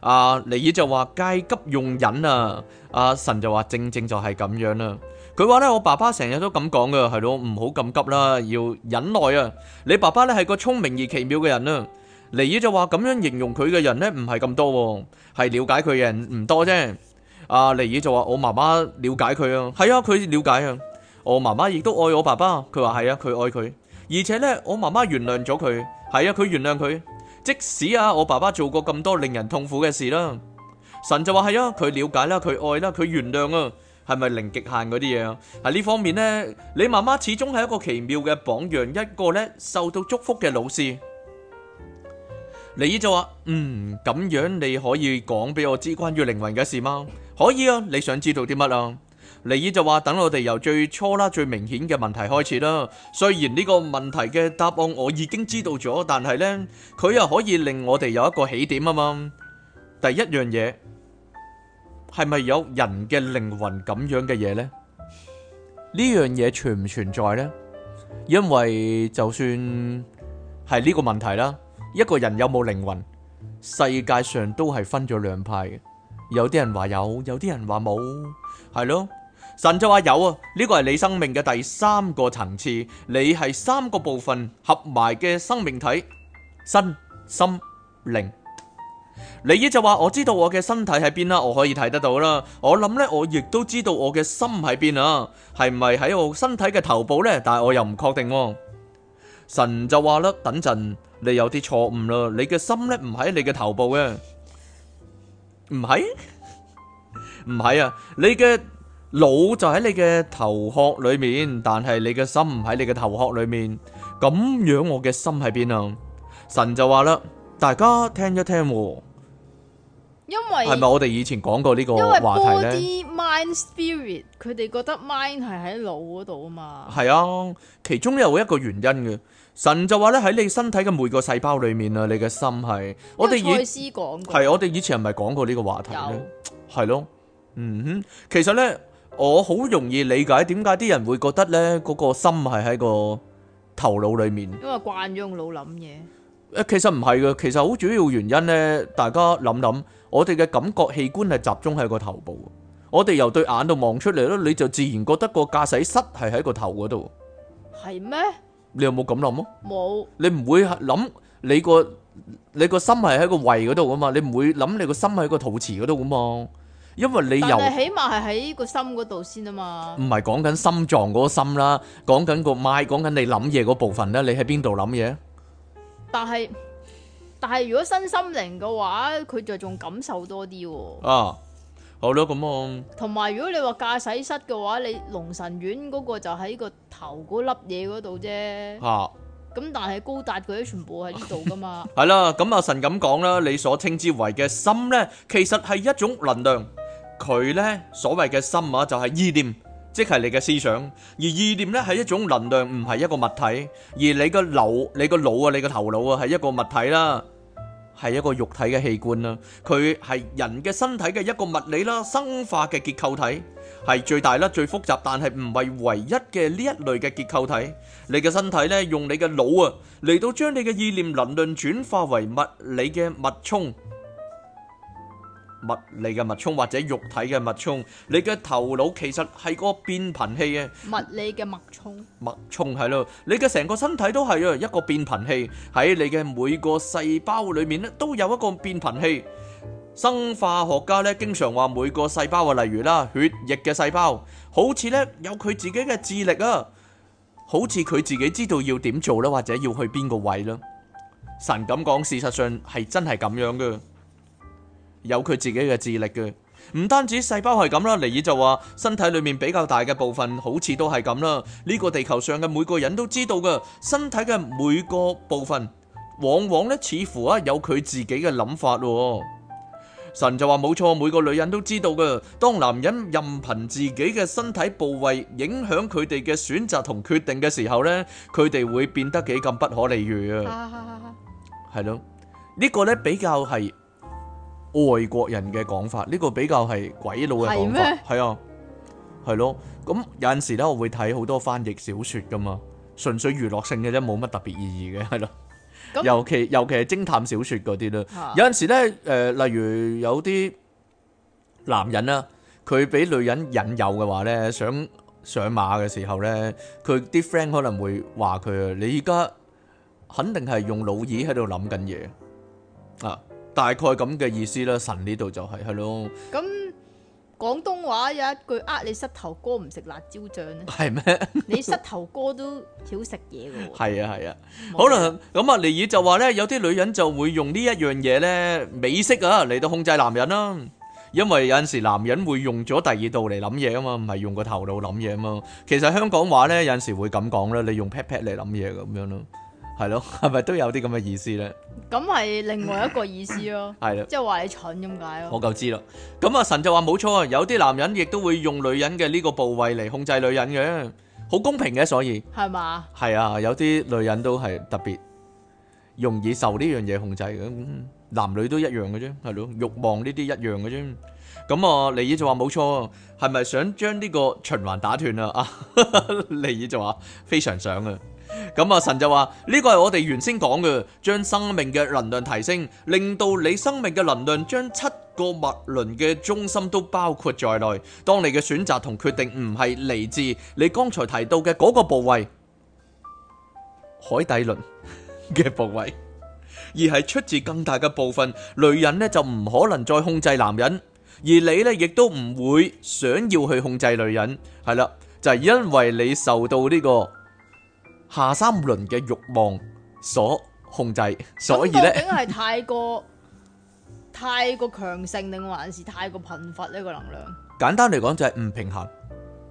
阿、嗯、尼爾就話戒急用忍啊，阿、嗯、神就話正正就係咁樣啦。佢話咧，我爸爸成日都咁講噶，係、嗯、咯，唔好咁急啦，要忍耐啊。你爸爸咧係個聰明而奇妙嘅人啊。尼爾就話咁樣形容佢嘅人呢，唔係咁多，係了解佢嘅人唔多啫。阿尼爾就話我媽媽了解佢啊？係啊，佢了解啊。我媽媽亦都愛我爸爸，佢話係啊，佢愛佢。而且呢，我媽媽原諒咗佢，係啊，佢原諒佢。即使啊，我爸爸做過咁多令人痛苦嘅事啦，神就話係啊，佢了解啦，佢愛啦，佢原諒啊，係咪零極限嗰啲嘢啊？喺呢方面呢，你媽媽始終係一個奇妙嘅榜樣，一個呢受到祝福嘅老師。尼爾就話：嗯，咁樣你可以講俾我知關於靈魂嘅事嗎？可以啊，你想知道啲乜啊？尼爾就話：等我哋由最初啦、最明顯嘅問題開始啦。雖然呢個問題嘅答案我已經知道咗，但係呢，佢又可以令我哋有一個起點啊嘛。第一樣嘢係咪有人嘅靈魂咁樣嘅嘢呢？呢樣嘢存唔存在呢？因為就算係呢個問題啦。一個人有冇靈魂，世界上都係分咗兩派嘅，有啲人話有，有啲人話冇，係咯。神就話有啊，呢個係你生命嘅第三個層次，你係三個部分合埋嘅生命體，身、心、靈。你呢就話：我知道我嘅身體喺邊啦，我可以睇得到啦。我諗呢，我亦都知道我嘅心喺邊啊，係咪喺我身體嘅頭部呢？但係我又唔確定。神就話啦，等陣。你有啲錯誤咯，你嘅心咧唔喺你嘅頭部嘅，唔係，唔係啊！你嘅腦就喺你嘅頭殼裏面，但係你嘅心唔喺你嘅頭殼裏面。咁樣我嘅心喺邊啊？神就話啦，大家聽一聽。因為係咪我哋以前講過呢個話題咧？Mind spirit，佢哋覺得 mind 係喺腦嗰度啊嘛。係啊，其中有一個原因嘅。神就話咧，喺你身體嘅每個細胞裏面啊，你嘅心係我哋以係我哋以前唔係講過呢個話題咩？係咯，嗯哼，其實咧，我好容易理解點解啲人會覺得咧嗰個心係喺個頭腦裏面，因為慣咗用腦諗嘢。誒，其實唔係嘅，其實好主要原因咧，大家諗諗，我哋嘅感覺器官係集中喺個頭部，我哋由對眼度望出嚟咯，你就自然覺得個駕駛室係喺個頭嗰度，係咩？你有冇咁諗咯？冇，你唔會諗你個你個心係喺個胃嗰度㗎嘛，你唔會諗你個心係個肚臍嗰度㗎嘛，因為你又起碼係喺個心嗰度先啊嘛。唔係講緊心臟嗰個心啦，講緊個 mind，講緊你諗嘢嗰部分咧，你喺邊度諗嘢？但係但係如果身心靈嘅話，佢就仲感受多啲。啊！好咯，咁啊。同埋，如果你話駕駛室嘅話，你龍神丸嗰個就喺個頭嗰粒嘢嗰度啫。吓。咁但係高達佢咧，全部喺呢度噶嘛。係啦，咁阿神咁講啦，你所稱之為嘅心呢，其實係一種能量。佢呢，所謂嘅心啊，就係意念，即係你嘅思想。而意念呢，係一種能量，唔係一個物體。而你個腦，你個腦啊，你個頭腦啊，係一個物體啦。係一個肉體嘅器官啦，佢係人嘅身體嘅一個物理啦、生化嘅結構體，係最大啦、最複雜，但係唔係唯一嘅呢一類嘅結構體。你嘅身體呢，用你嘅腦啊，嚟到將你嘅意念能量轉化為物理嘅脈衝。物理嘅脈衝或者肉體嘅脈衝，你嘅頭腦其實係個變頻器啊！物理嘅脈衝，脈衝係咯，你嘅成個身體都係啊，一個變頻器喺你嘅每個細胞裏面咧，都有一個變頻器。生化學家咧，經常話每個細胞啊，例如啦，血液嘅細胞，好似咧有佢自己嘅智力啊，好似佢自己知道要點做咧，或者要去邊個位啦。神咁講，事實上係真係咁樣嘅。有佢自己嘅智力嘅，唔單止細胞係咁啦，尼爾就話身體裏面比較大嘅部分好似都係咁啦。呢個地球上嘅每個人都知道㗎，身體嘅每個部分，往往呢似乎啊有佢自己嘅諗法。神就話冇錯，每個女人都知道㗎，當男人任憑自己嘅身體部位影響佢哋嘅選擇同決定嘅時候呢，佢哋會變得幾咁不可理喻啊。係咯，呢個呢比較係。外國人嘅講法，呢、這個比較係鬼佬嘅講法，係嗎啊，係咯。咁有陣時咧，我會睇好多翻譯小說噶嘛，純粹娛樂性嘅啫，冇乜特別意義嘅，係咯那尤。尤其尤其係偵探小說嗰啲啦，啊、有陣時咧，誒、呃，例如有啲男人啊，佢俾女人引誘嘅話咧，想上馬嘅時候咧，佢啲 friend 可能會話佢：你而家肯定係用腦耳喺度諗緊嘢啊！大概咁嘅意思啦，神呢度就係、是、係咯。咁廣東話有一句呃你膝頭哥唔食辣椒醬咧，係咩是嗎？ 你膝頭哥都少食嘢嘅喎。係啊係啊，啊好啦，咁啊尼爾就話咧，有啲女人就會用一呢一樣嘢咧，美式啊嚟到控制男人啦、啊。因為有陣時男人會用咗第二度嚟諗嘢啊嘛，唔係用個頭度諗嘢啊嘛。其實香港話咧有陣時會咁講啦，你用 pat pat 嚟諗嘢咁樣咯。係咯，係咪都有啲咁嘅意思咧？咁係另外一個意思咯，係咯，即係話你蠢咁解咯。我夠知啦，咁、嗯、啊神就話冇錯啊，有啲男人亦都會用女人嘅呢個部位嚟控制女人嘅，好公平嘅，所以係嘛？係啊吧，有啲女人都係特別容易受呢樣嘢控制嘅、嗯，男女都一樣嘅啫，係咯，欲望呢啲一樣嘅啫。咁啊尼爾就話冇錯，係咪想將呢個循環打斷啊？啊尼爾就話非常想啊。咁啊、嗯，神就話呢個係我哋原先講嘅，將生命嘅能量提升，令到你生命嘅能量將七個脈輪嘅中心都包括在內。當你嘅選擇同決定唔係嚟自你剛才提到嘅嗰個部位，海底輪嘅部位，而係出自更大嘅部分，女人呢就唔可能再控制男人，而你呢亦都唔會想要去控制女人，係啦，就係、是、因為你受到呢、這個。下三輪嘅慾望所控制，所以咧，係太過太過強盛定還是太過貧乏呢個能量？簡單嚟講就係唔平衡。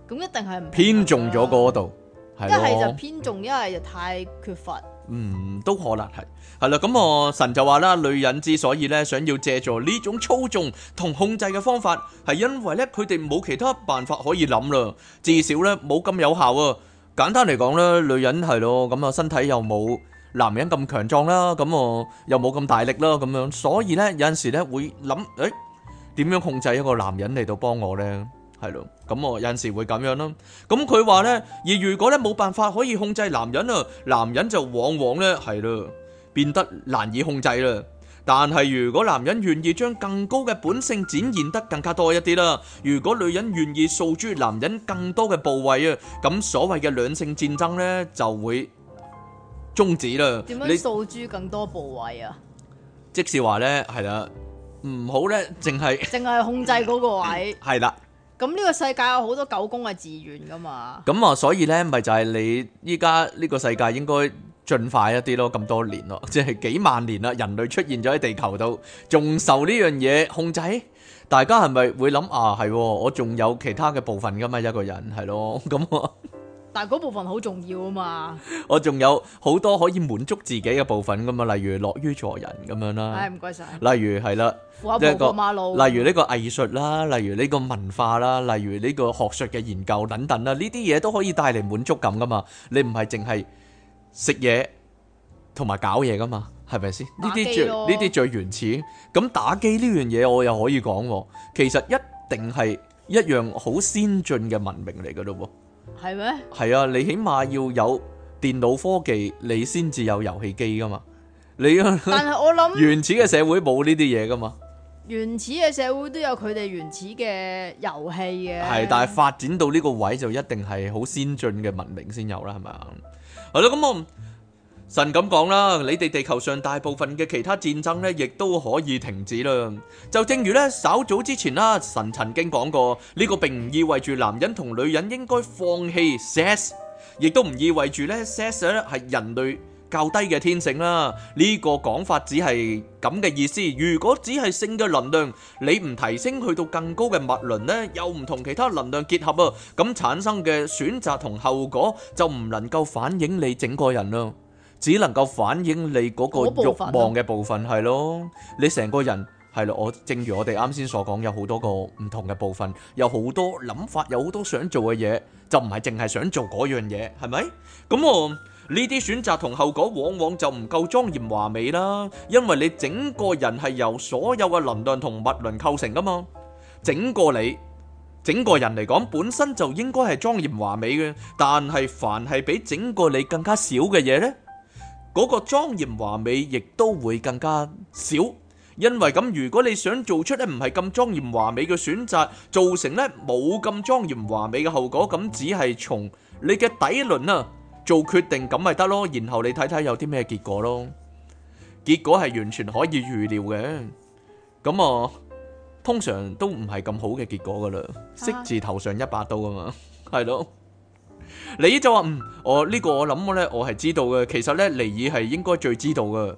咁一定係唔平衡，偏重咗嗰度，一係就偏重，一係就太缺乏。嗯，都可能係係啦。咁我神就話啦，女人之所以咧想要借助呢種操縱同控制嘅方法，係因為咧佢哋冇其他辦法可以諗啦，至少咧冇咁有效啊。簡單嚟講咧，女人係咯，咁啊身體又冇男人咁強壯啦，咁我又冇咁大力啦，咁樣，所以咧有陣時咧會諗，誒，點樣控制一個男人嚟到幫我咧？係咯，咁我有陣時會咁樣咯。咁佢話咧，而如果咧冇辦法可以控制男人啊，男人就往往咧係咯，變得難以控制啦。但係如果男人願意將更高嘅本性展現得更加多一啲啦，如果女人願意訴諸男人更多嘅部位啊，咁所謂嘅兩性戰爭咧就會終止啦。點樣訴諸更多部位啊？即是話咧，係啦，唔好咧，淨係淨係控制嗰個位。係啦，咁呢個世界有好多狗公嘅自願噶嘛？咁啊，所以咧，咪就係你依家呢個世界應該。進快一啲咯，咁多年咯，即係幾萬年啦。人類出現咗喺地球度，仲受呢樣嘢控制，大家係咪會諗啊？係喎，我仲有其他嘅部分噶嘛？一個人係咯，咁我但係嗰部分好重要啊嘛。我仲有好多可以滿足自己嘅部分噶嘛，例如樂於助人咁樣啦，係唔該晒。例如係啦，馬路。例如呢個藝術啦，例如呢個文化啦，例如呢個學術嘅研究等等啦，呢啲嘢都可以帶嚟滿足感噶嘛。你唔係淨係，食嘢同埋搞嘢噶嘛，係咪先？呢啲、啊、最呢啲最原始。咁打機呢樣嘢我又可以講喎。其實一定係一樣好先進嘅文明嚟噶咯喎。係咩嗎？係啊，你起碼要有電腦科技，你先至有遊戲機噶嘛。你但係我諗 原始嘅社會冇呢啲嘢噶嘛。原始嘅社會都有佢哋原始嘅遊戲嘅。係，但係發展到呢個位就一定係好先進嘅文明先有啦，係咪啊？係啦，咁、嗯、神咁講啦，你哋地球上大部分嘅其他戰爭咧，亦都可以停止啦。就正如咧，稍早之前啦，神曾經講過，呢、這個並唔意味住男人同女人應該放棄 sex，亦都唔意味住咧 sex 咧係人類。較低嘅天性啦，呢個講法只係咁嘅意思。如果只係性嘅能量，你唔提升去到更高嘅物輪呢，又唔同其他能量結合啊，咁產生嘅選擇同後果就唔能夠反映你整個人啦，只能夠反映你嗰個欲望嘅部分，係咯。你成個人，係咯，我正如我哋啱先所講，有好多個唔同嘅部分，有好多諗法，有好多想做嘅嘢，就唔係淨係想做嗰樣嘢，係咪？咁我。呢啲選擇同後果往往就唔夠莊嚴華美啦，因為你整個人係由所有嘅能量同物輪構成噶嘛，整個你，整個人嚟講本身就應該係莊嚴華美嘅，但係凡係比整個你更加少嘅嘢呢，嗰個莊嚴華美亦都會更加少，因為咁如果你想做出咧唔係咁莊嚴華美嘅選擇，造成呢冇咁莊嚴華美嘅後果，咁只係從你嘅底輪啊。做決定咁咪得咯，然後你睇睇有啲咩結果咯，結果係完全可以預料嘅，咁啊通常都唔係咁好嘅結果噶啦，色字頭上一把刀啊嘛，係咯，尼爾就話唔，我呢個我諗咧我係知道嘅，其實咧尼爾係應該最知道嘅，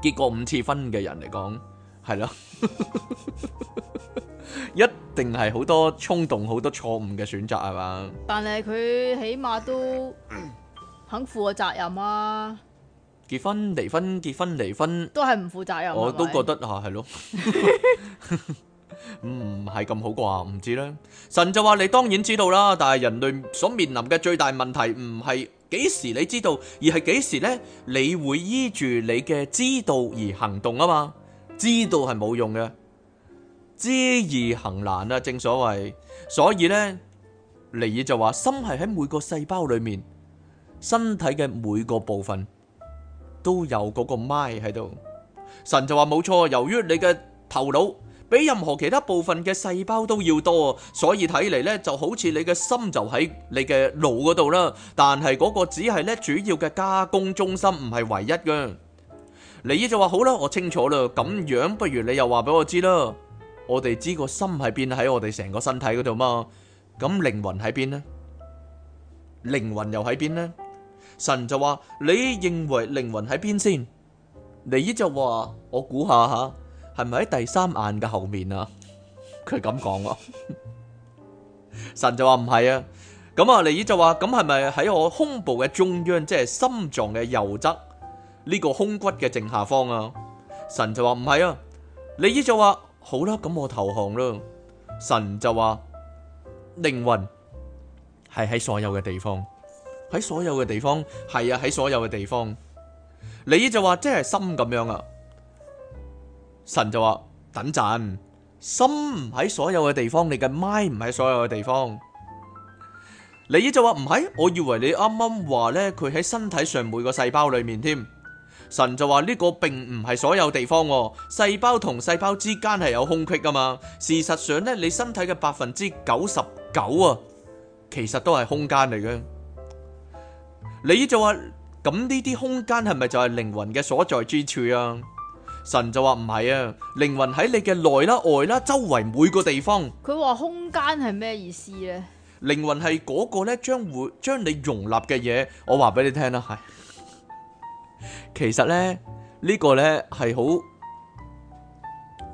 結過五次婚嘅人嚟講係啦。一定係好多衝動，好多錯誤嘅選擇係嘛？但係佢起碼都肯負個責任啊！結婚離婚，結婚離婚，都係唔負責任。我都覺得啊，係咯， 唔係咁好啩？唔知啦。神就話你當然知道啦，但係人類所面臨嘅最大問題唔係幾時你知道，而係幾時呢？你會依住你嘅知道而行動啊嘛？知道係冇用嘅。知易行難啊，正所謂，所以呢，尼爾就話，心係喺每個細胞裏面，身體嘅每個部分都有嗰個麥喺度。神就話冇錯，由於你嘅頭腦比任何其他部分嘅細胞都要多，所以睇嚟，呢就好似你嘅心就喺你嘅腦嗰度啦。但係嗰個只係呢主要嘅加工中心，唔係唯一嘅。尼爾就話好啦，我清楚啦，咁樣不如你又話俾我知啦。我哋知個心喺邊，喺我哋成個身體嗰度嘛？咁靈魂喺邊呢？靈魂又喺邊呢？神就話：你認為靈魂喺邊先？尼姨就話：我估下吓，係咪喺第三眼嘅後面啊？佢係咁講咯。神就話唔係啊。咁啊，尼姨就話：咁係咪喺我胸部嘅中央，即係心臟嘅右側呢個胸骨嘅正下方啊？神就話唔係啊。尼姨就話。好啦，咁我投降啦。神就話靈魂係喺所有嘅地方，喺所有嘅地方係啊，喺所有嘅地方。你就話即係心咁樣啊？神就話等陣，心唔喺所有嘅地方，你嘅咪唔喺所有嘅地方。你就話唔係？我以為你啱啱話咧，佢喺身體上每個細胞裏面添。神就話呢個並唔係所有地方啊，細胞同細胞之間係有空隙噶嘛。事實上呢，你身體嘅百分之九十九啊，其實都係空間嚟嘅。你就話咁呢啲空間係咪就係靈魂嘅所在之處啊？神就話唔係啊，靈魂喺你嘅內啦、外啦、周圍每個地方。佢話空間係咩意思呢？靈魂係嗰個咧，將會將你容納嘅嘢。我話俾你聽啦，係。其實咧呢、這個呢係好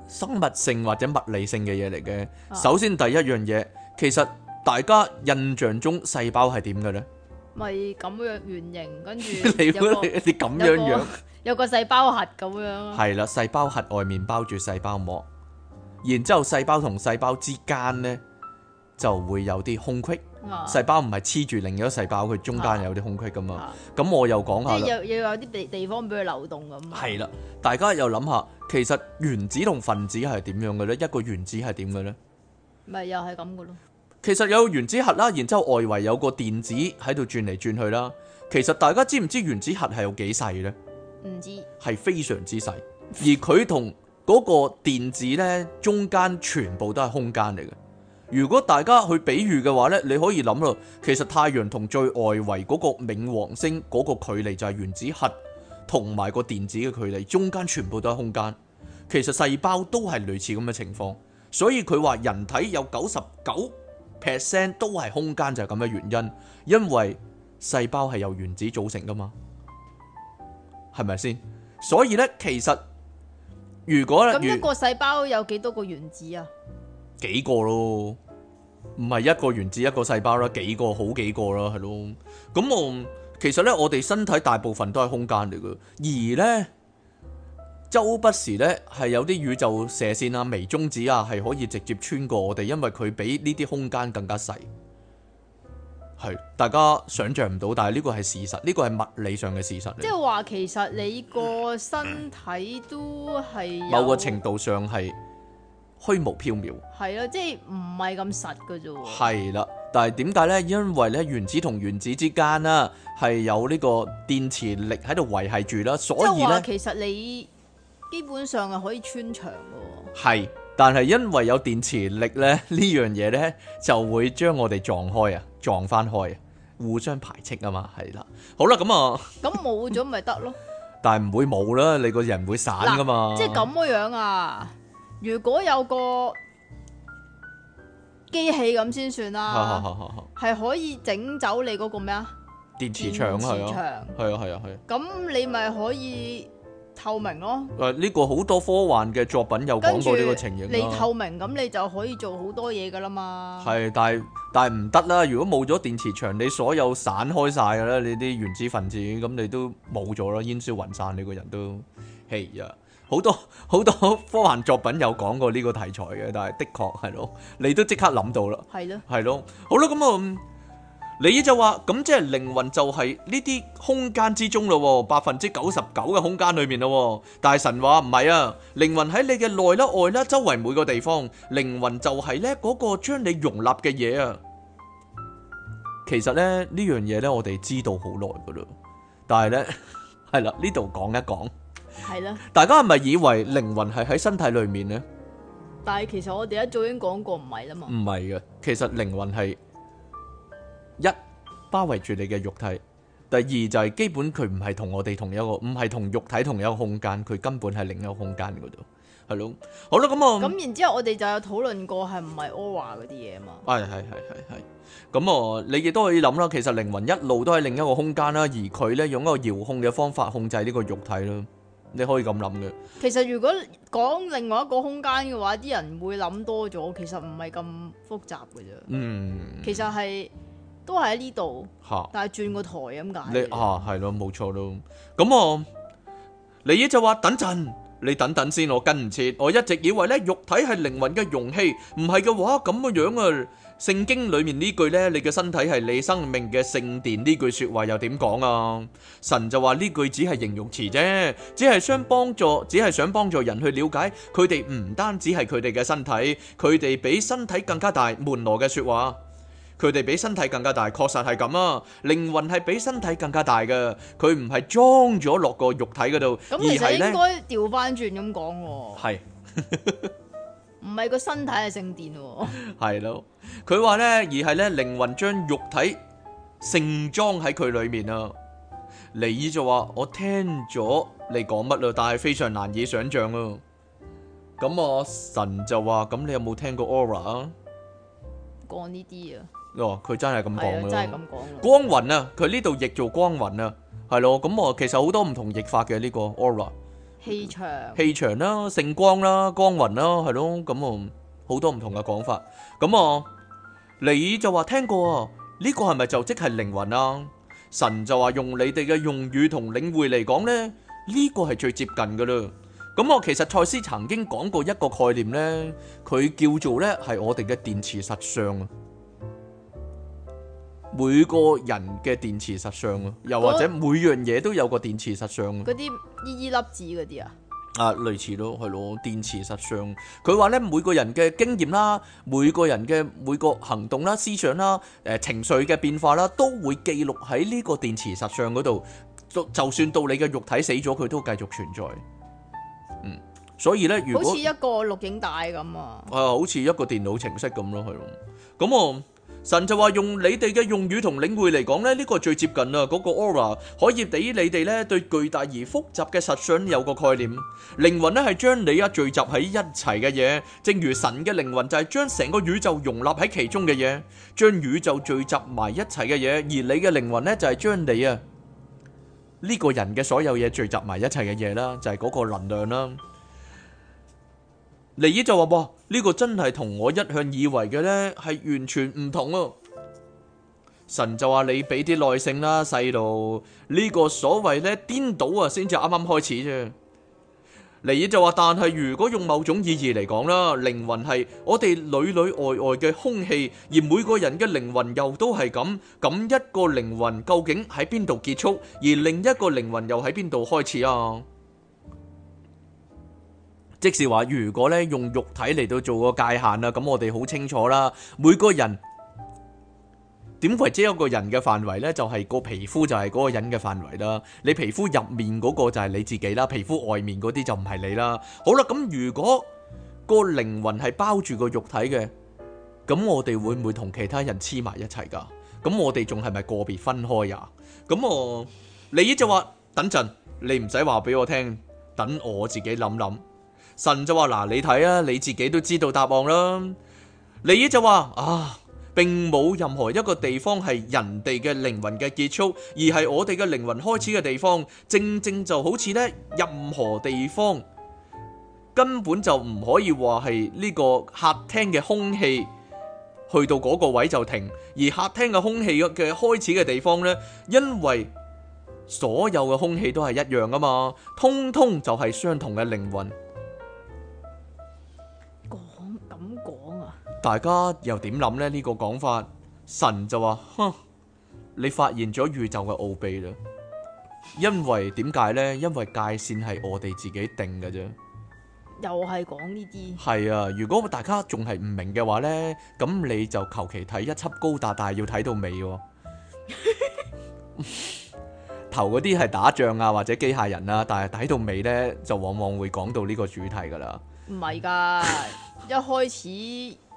生物性或者物理性嘅嘢嚟嘅。啊、首先第一樣嘢，其實大家印象中細胞係點嘅呢？咪咁樣圓形，跟住有啲咁樣樣，有個細胞核咁樣。係啦，細胞核外面包住細胞膜，然之後細胞同細胞之間呢就會有啲空隙。細胞唔係黐住另一個細胞，佢中間有啲空隙噶嘛。咁、啊、我又講下啦，又又有啲地地方俾佢流動咁。係啦，大家又諗下，其實原子同分子係點樣嘅咧？一個原子係點嘅咧？咪又係咁嘅咯。其實有原子核啦，然之後外圍有個電子喺度轉嚟轉去啦。其實大家知唔知原子核係有幾細咧？唔知係非常之細， 而佢同嗰個電子咧，中間全部都係空間嚟嘅。如果大家去比喻嘅話呢，你可以諗咯，其實太陽同最外圍嗰個冥王星嗰個距離就係原子核同埋個電子嘅距離，中間全部都係空間。其實細胞都係類似咁嘅情況，所以佢話人體有九十九 percent 都係空間就係咁嘅原因，因為細胞係由原子組成噶嘛，係咪先？所以呢，其實如果咧，咁一個細胞有幾多個原子啊？幾個咯，唔係一個原子一個細胞啦，幾個，好幾個啦，係咯。咁、嗯、我其實呢，我哋身體大部分都係空間嚟嘅，而呢，周不時呢，係有啲宇宙射線啊、微中子啊，係可以直接穿過我哋，因為佢比呢啲空間更加細。係大家想象唔到，但係呢個係事實，呢個係物理上嘅事實。即係話其實你個身體都係某個程度上係。虛無飄渺，係啊，即係唔係咁實嘅啫喎。係啦，但係點解呢？因為咧原子同原子之間啦，係有呢個電磁力喺度維係住啦，所以咧，其實你基本上係可以穿牆嘅。係，但係因為有電磁力呢，呢樣嘢呢，就會將我哋撞開啊，撞翻開，互相排斥啊嘛，係啦。好啦，咁啊，咁冇咗咪得咯？但係唔會冇啦，你個人會散噶嘛。即係咁嘅樣啊！如果有個機器咁先算啦，係可以整走你嗰個咩啊？電磁場係啊，係啊，係啊，咁你咪可以透明咯。誒，呢個好多科幻嘅作品有講過呢個情形。你透明咁，你就可以做好多嘢噶啦嘛。係，但係但係唔得啦。如果冇咗電磁場，你所有散開晒噶啦，你啲原子分子咁，你都冇咗啦，煙消雲散，你個人都氣弱。好多好多科幻作品有講過呢個題材嘅，但係的確係咯，你都即刻諗到啦，係咯，係咯，好啦，咁我你呢就話咁，即係靈魂就係呢啲空間之中咯，百分之九十九嘅空間裏面咯，大神話唔係啊，靈魂喺你嘅內啦外啦周圍每個地方，靈魂就係呢嗰個將你容納嘅嘢啊。其實呢呢樣嘢呢，我哋知道好耐噶啦，但係呢係啦呢度講一講。係啦，大家係咪以為靈魂係喺身體裏面咧？但係其實我哋一早已經講過唔係啦嘛。唔係嘅，其實靈魂係一包圍住你嘅肉體，第二就係基本佢唔係同我哋同一個，唔係同肉體同一個空間，佢根本係另一個空間嗰度，係咯。好啦，咁啊咁然之後我哋就有討論過係唔係 aura 嗰啲嘢嘛？係係係係係，咁啊，你亦都可以諗啦。其實靈魂一路都喺另一個空間啦，而佢咧用一個遙控嘅方法控制呢個肉體啦。你可以咁諗嘅。其實如果講另外一個空間嘅話，啲人會諗多咗。其實唔係咁複雜嘅啫。嗯，其實係都係喺呢度。嚇！但係轉個台咁解。你啊，係咯，冇錯咯。咁啊，你呢就話：等陣，你等等先，我跟唔切。我一直以為咧，肉體係靈魂嘅容器，唔係嘅話咁嘅樣啊。聖經裏面呢句呢，你嘅身體係你生命嘅聖殿呢句說話又點講啊？神就話呢句只係形容詞啫，只係想幫助，只係想幫助人去了解佢哋唔單止係佢哋嘅身體，佢哋比身體更加大。門羅嘅說話，佢哋比身體更加大，確實係咁啊！靈魂係比身體更加大嘅，佢唔係裝咗落個肉體嗰度，其實而係咧。咁就應該調翻轉咁講喎。係是。 唔係個身體係聖殿，係咯。佢話咧，而係咧靈魂將肉體盛裝喺佢裏面啦。尼爾就話我聽咗你講乜咯，但係非常難以想象咯。咁啊，神就話咁，你有冇聽過 aura 啊？講呢啲啊，佢真係咁講咯，真係咁講。光暈啊，佢呢度譯做光暈啊，係咯。咁我其實好多唔同譯法嘅呢個 aura。氣場、氣場啦、聖光啦、光暈啦，係咯，咁啊好多唔同嘅講法。咁、嗯、啊，你就話聽過啊？呢、這個係咪就即係靈魂啊？神就話用你哋嘅用語同領會嚟講呢，呢、這個係最接近噶啦。咁、嗯、啊，其實蔡司曾經講過一個概念呢，佢叫做呢係我哋嘅電磁實相啊。每個人嘅電磁實相咯，又或者每樣嘢都有個電磁實相嗰啲依依粒子嗰啲啊？啊，類似咯，係咯，電磁實相。佢話咧，每個人嘅經驗啦，每個人嘅每個行動啦、思想啦、誒、呃、情緒嘅變化啦，都會記錄喺呢個電磁實相嗰度。就算到你嘅肉體死咗，佢都繼續存在。嗯，所以咧，如果好似一個錄影帶咁啊，啊，好似一個電腦程式咁咯，係咯，咁我。神就話，用你哋嘅用語同領會嚟講呢，呢個最接近啦，嗰個 aura 可以俾你哋呢對巨大而複雜嘅實相有個概念。靈魂呢係將你啊聚集喺一齊嘅嘢，正如神嘅靈魂就係將成個宇宙容納喺其中嘅嘢，將宇宙聚集埋一齊嘅嘢，而你嘅靈魂呢就係將你啊呢個人嘅所有嘢聚集埋一齊嘅嘢啦，就係嗰個能量啦。尼爾就話噃。呢個真係同我一向以為嘅呢係完全唔同啊！神就話，你俾啲耐性啦，細路。呢個所謂呢，顛倒啊，先至啱啱開始啫。尼爾就話，但係如果用某種意義嚟講啦，靈魂係我哋裏裏外外嘅空氣，而每個人嘅靈魂又都係咁。咁一個靈魂究竟喺邊度結束，而另一個靈魂又喺邊度開始啊？即是話，如果咧用肉體嚟到做個界限啦，咁我哋好清楚啦。每個人點為之一個人嘅範圍呢？就係個皮膚就係嗰個人嘅範圍啦。你皮膚入面嗰個就係你自己啦，皮膚外面嗰啲就唔係你啦。好啦，咁如果個靈魂係包住個肉體嘅，咁我哋會唔會同其他人黐埋一齊噶？咁我哋仲係咪個別分開呀？咁我你就話等陣，你唔使話俾我聽，等我自己諗諗。神就話：嗱，你睇啊，你自己都知道答案啦。你呢就話：啊，並冇任何一個地方係人哋嘅靈魂嘅結束，而係我哋嘅靈魂開始嘅地方。正正就好似呢，任何地方根本就唔可以話係呢個客廳嘅空氣去到嗰個位就停，而客廳嘅空氣嘅開始嘅地方呢，因為所有嘅空氣都係一樣啊嘛，通通就係相同嘅靈魂。大家又點諗呢？呢個講法，神就話，哼，你發現咗宇宙嘅奧秘啦！因為點解呢？因為界線係我哋自己定嘅啫。又係講呢啲。係啊，如果大家仲係唔明嘅話呢，咁你就求其睇一輯高達，但係要睇到尾喎。 頭嗰啲係打仗啊，或者機械人啊，但係睇到尾呢，就往往會講到呢個主題噶啦。唔係噶，一開始。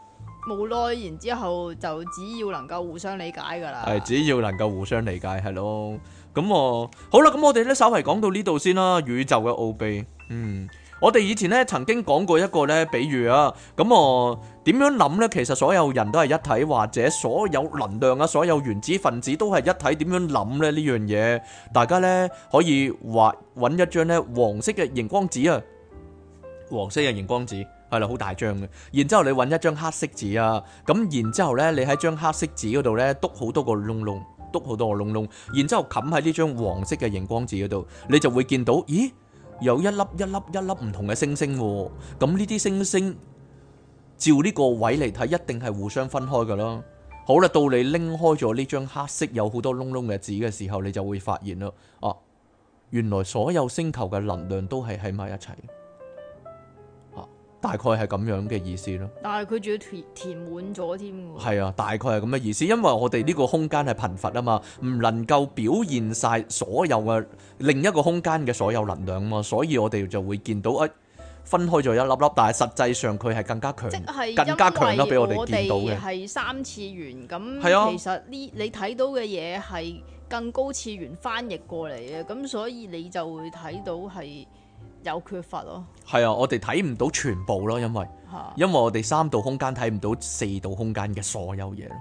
無奈，然之後就只要能夠互相理解噶啦。係 ，只要能夠互相理解，係咯。咁我好啦，咁我哋咧稍微講到呢度先啦。宇宙嘅奧秘，嗯，我哋以前咧曾經講過一個咧，比喻啊，咁我點樣諗咧？ 嗯、其實所有人都係一體，或者所有能量啊，所有原子分子都係一體。點樣諗咧呢樣嘢，這個？大家咧可以話搵一張咧黃色嘅熒光紙啊，黃色嘅熒光紙。係啦，好大張嘅，然之後你揾一張黑色紙啊，咁然之後呢，你喺張黑色紙嗰度呢，篤好多個窿窿，篤好多個窿窿，然之後冚喺呢張黃色嘅熒光紙嗰度，你就會見到，咦，有一粒一粒一粒唔同嘅星星喎、啊，咁呢啲星星照呢個位嚟睇，一定係互相分開噶啦。好啦，到你拎開咗呢張黑色有好多窿窿嘅紙嘅時候，你就會發現啦，哦、啊，原來所有星球嘅能量都係喺埋一齊。大概係咁樣嘅意思咯，但係佢仲要填填滿咗添㗎。係啊，大概係咁嘅意思，因為我哋呢個空間係貧乏啊嘛，唔能夠表現晒所有嘅另一個空間嘅所有能量嘛，所以我哋就會見到一、哎、分開咗一粒粒，但係實際上佢係更加強，即係更加強咯，俾我哋見到嘅係三次元。咁係啊，其實呢，你睇到嘅嘢係更高次元翻譯過嚟嘅，咁所以你就會睇到係。有缺乏咯、哦，係啊，我哋睇唔到全部咯，因為、啊，因為我哋三度空間睇唔到四度空間嘅所有嘢咯，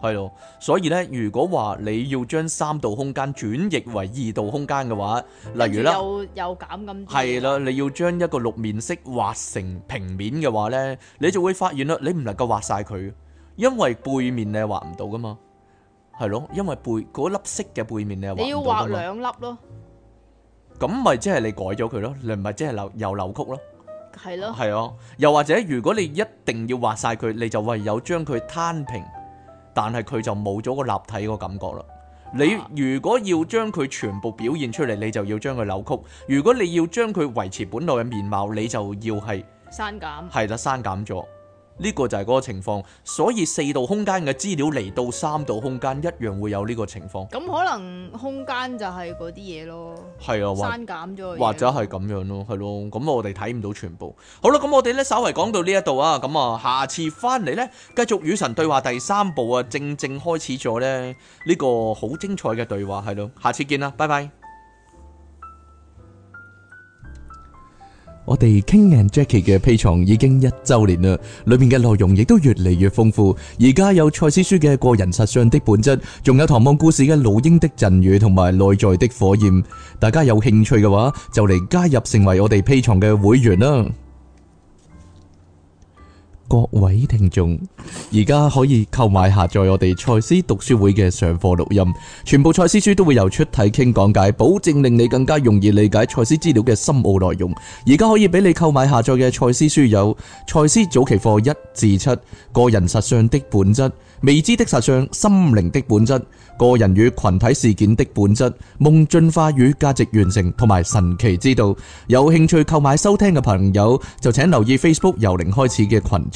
係、啊、咯，所以呢，如果話你要將三度空間轉譯為二度空間嘅話，例如啦，又又減咁，係啦，你要將一個六面色畫成平面嘅話呢，你就會發現啦，你唔能夠畫晒佢，因為背面你係畫唔到噶嘛，係咯，因為背嗰粒色嘅背面你係畫唔到噶嘛，你要畫兩粒咯。咁咪即係你改咗佢咯，你咪即係扭又扭曲咯，係咯，係啊，又或者如果你一定要畫晒佢，你就唯有將佢攤平，但係佢就冇咗個立體個感覺啦。你如果要將佢全部表現出嚟，你就要將佢扭曲；如果你要將佢維持本來嘅面貌，你就要係刪減，係啦減，刪減咗。呢個就係嗰個情況，所以四度空間嘅資料嚟到三度空間一樣會有呢個情況。咁可能空間就係嗰啲嘢咯，係啊，刪減咗，或者係咁樣咯，係咯。咁我哋睇唔到全部。好啦，咁我哋呢，稍為講到呢一度啊，咁啊，下次翻嚟呢，繼續與神對話第三部啊，正正開始咗呢，呢個好精彩嘅對話，係咯，下次見啦，拜拜。我哋 King and Jackie 嘅披藏已經一周年啦，裏面嘅內容亦都越嚟越豐富。而家有賽斯書嘅個人實相的本質，仲有《唐望故事》嘅老鷹的贈與同埋內在的火焰。大家有興趣嘅話，就嚟加入成為我哋披藏嘅會員啦！各位聽眾，而家可以購買下載我哋賽斯讀書會嘅上課錄音，全部賽斯書都會由出體傾講解，保證令你更加容易理解賽斯資料嘅深奧內容。而家可以俾你購買下載嘅賽斯書有《賽斯早期課一至七》、《個人實相的本質》、《未知的實相》、《心靈的本質》、《個人與群體事件的本質》、《夢進化與價值完成》同埋《神奇之道》。有興趣購買收聽嘅朋友，就請留意 Facebook 由零開始嘅群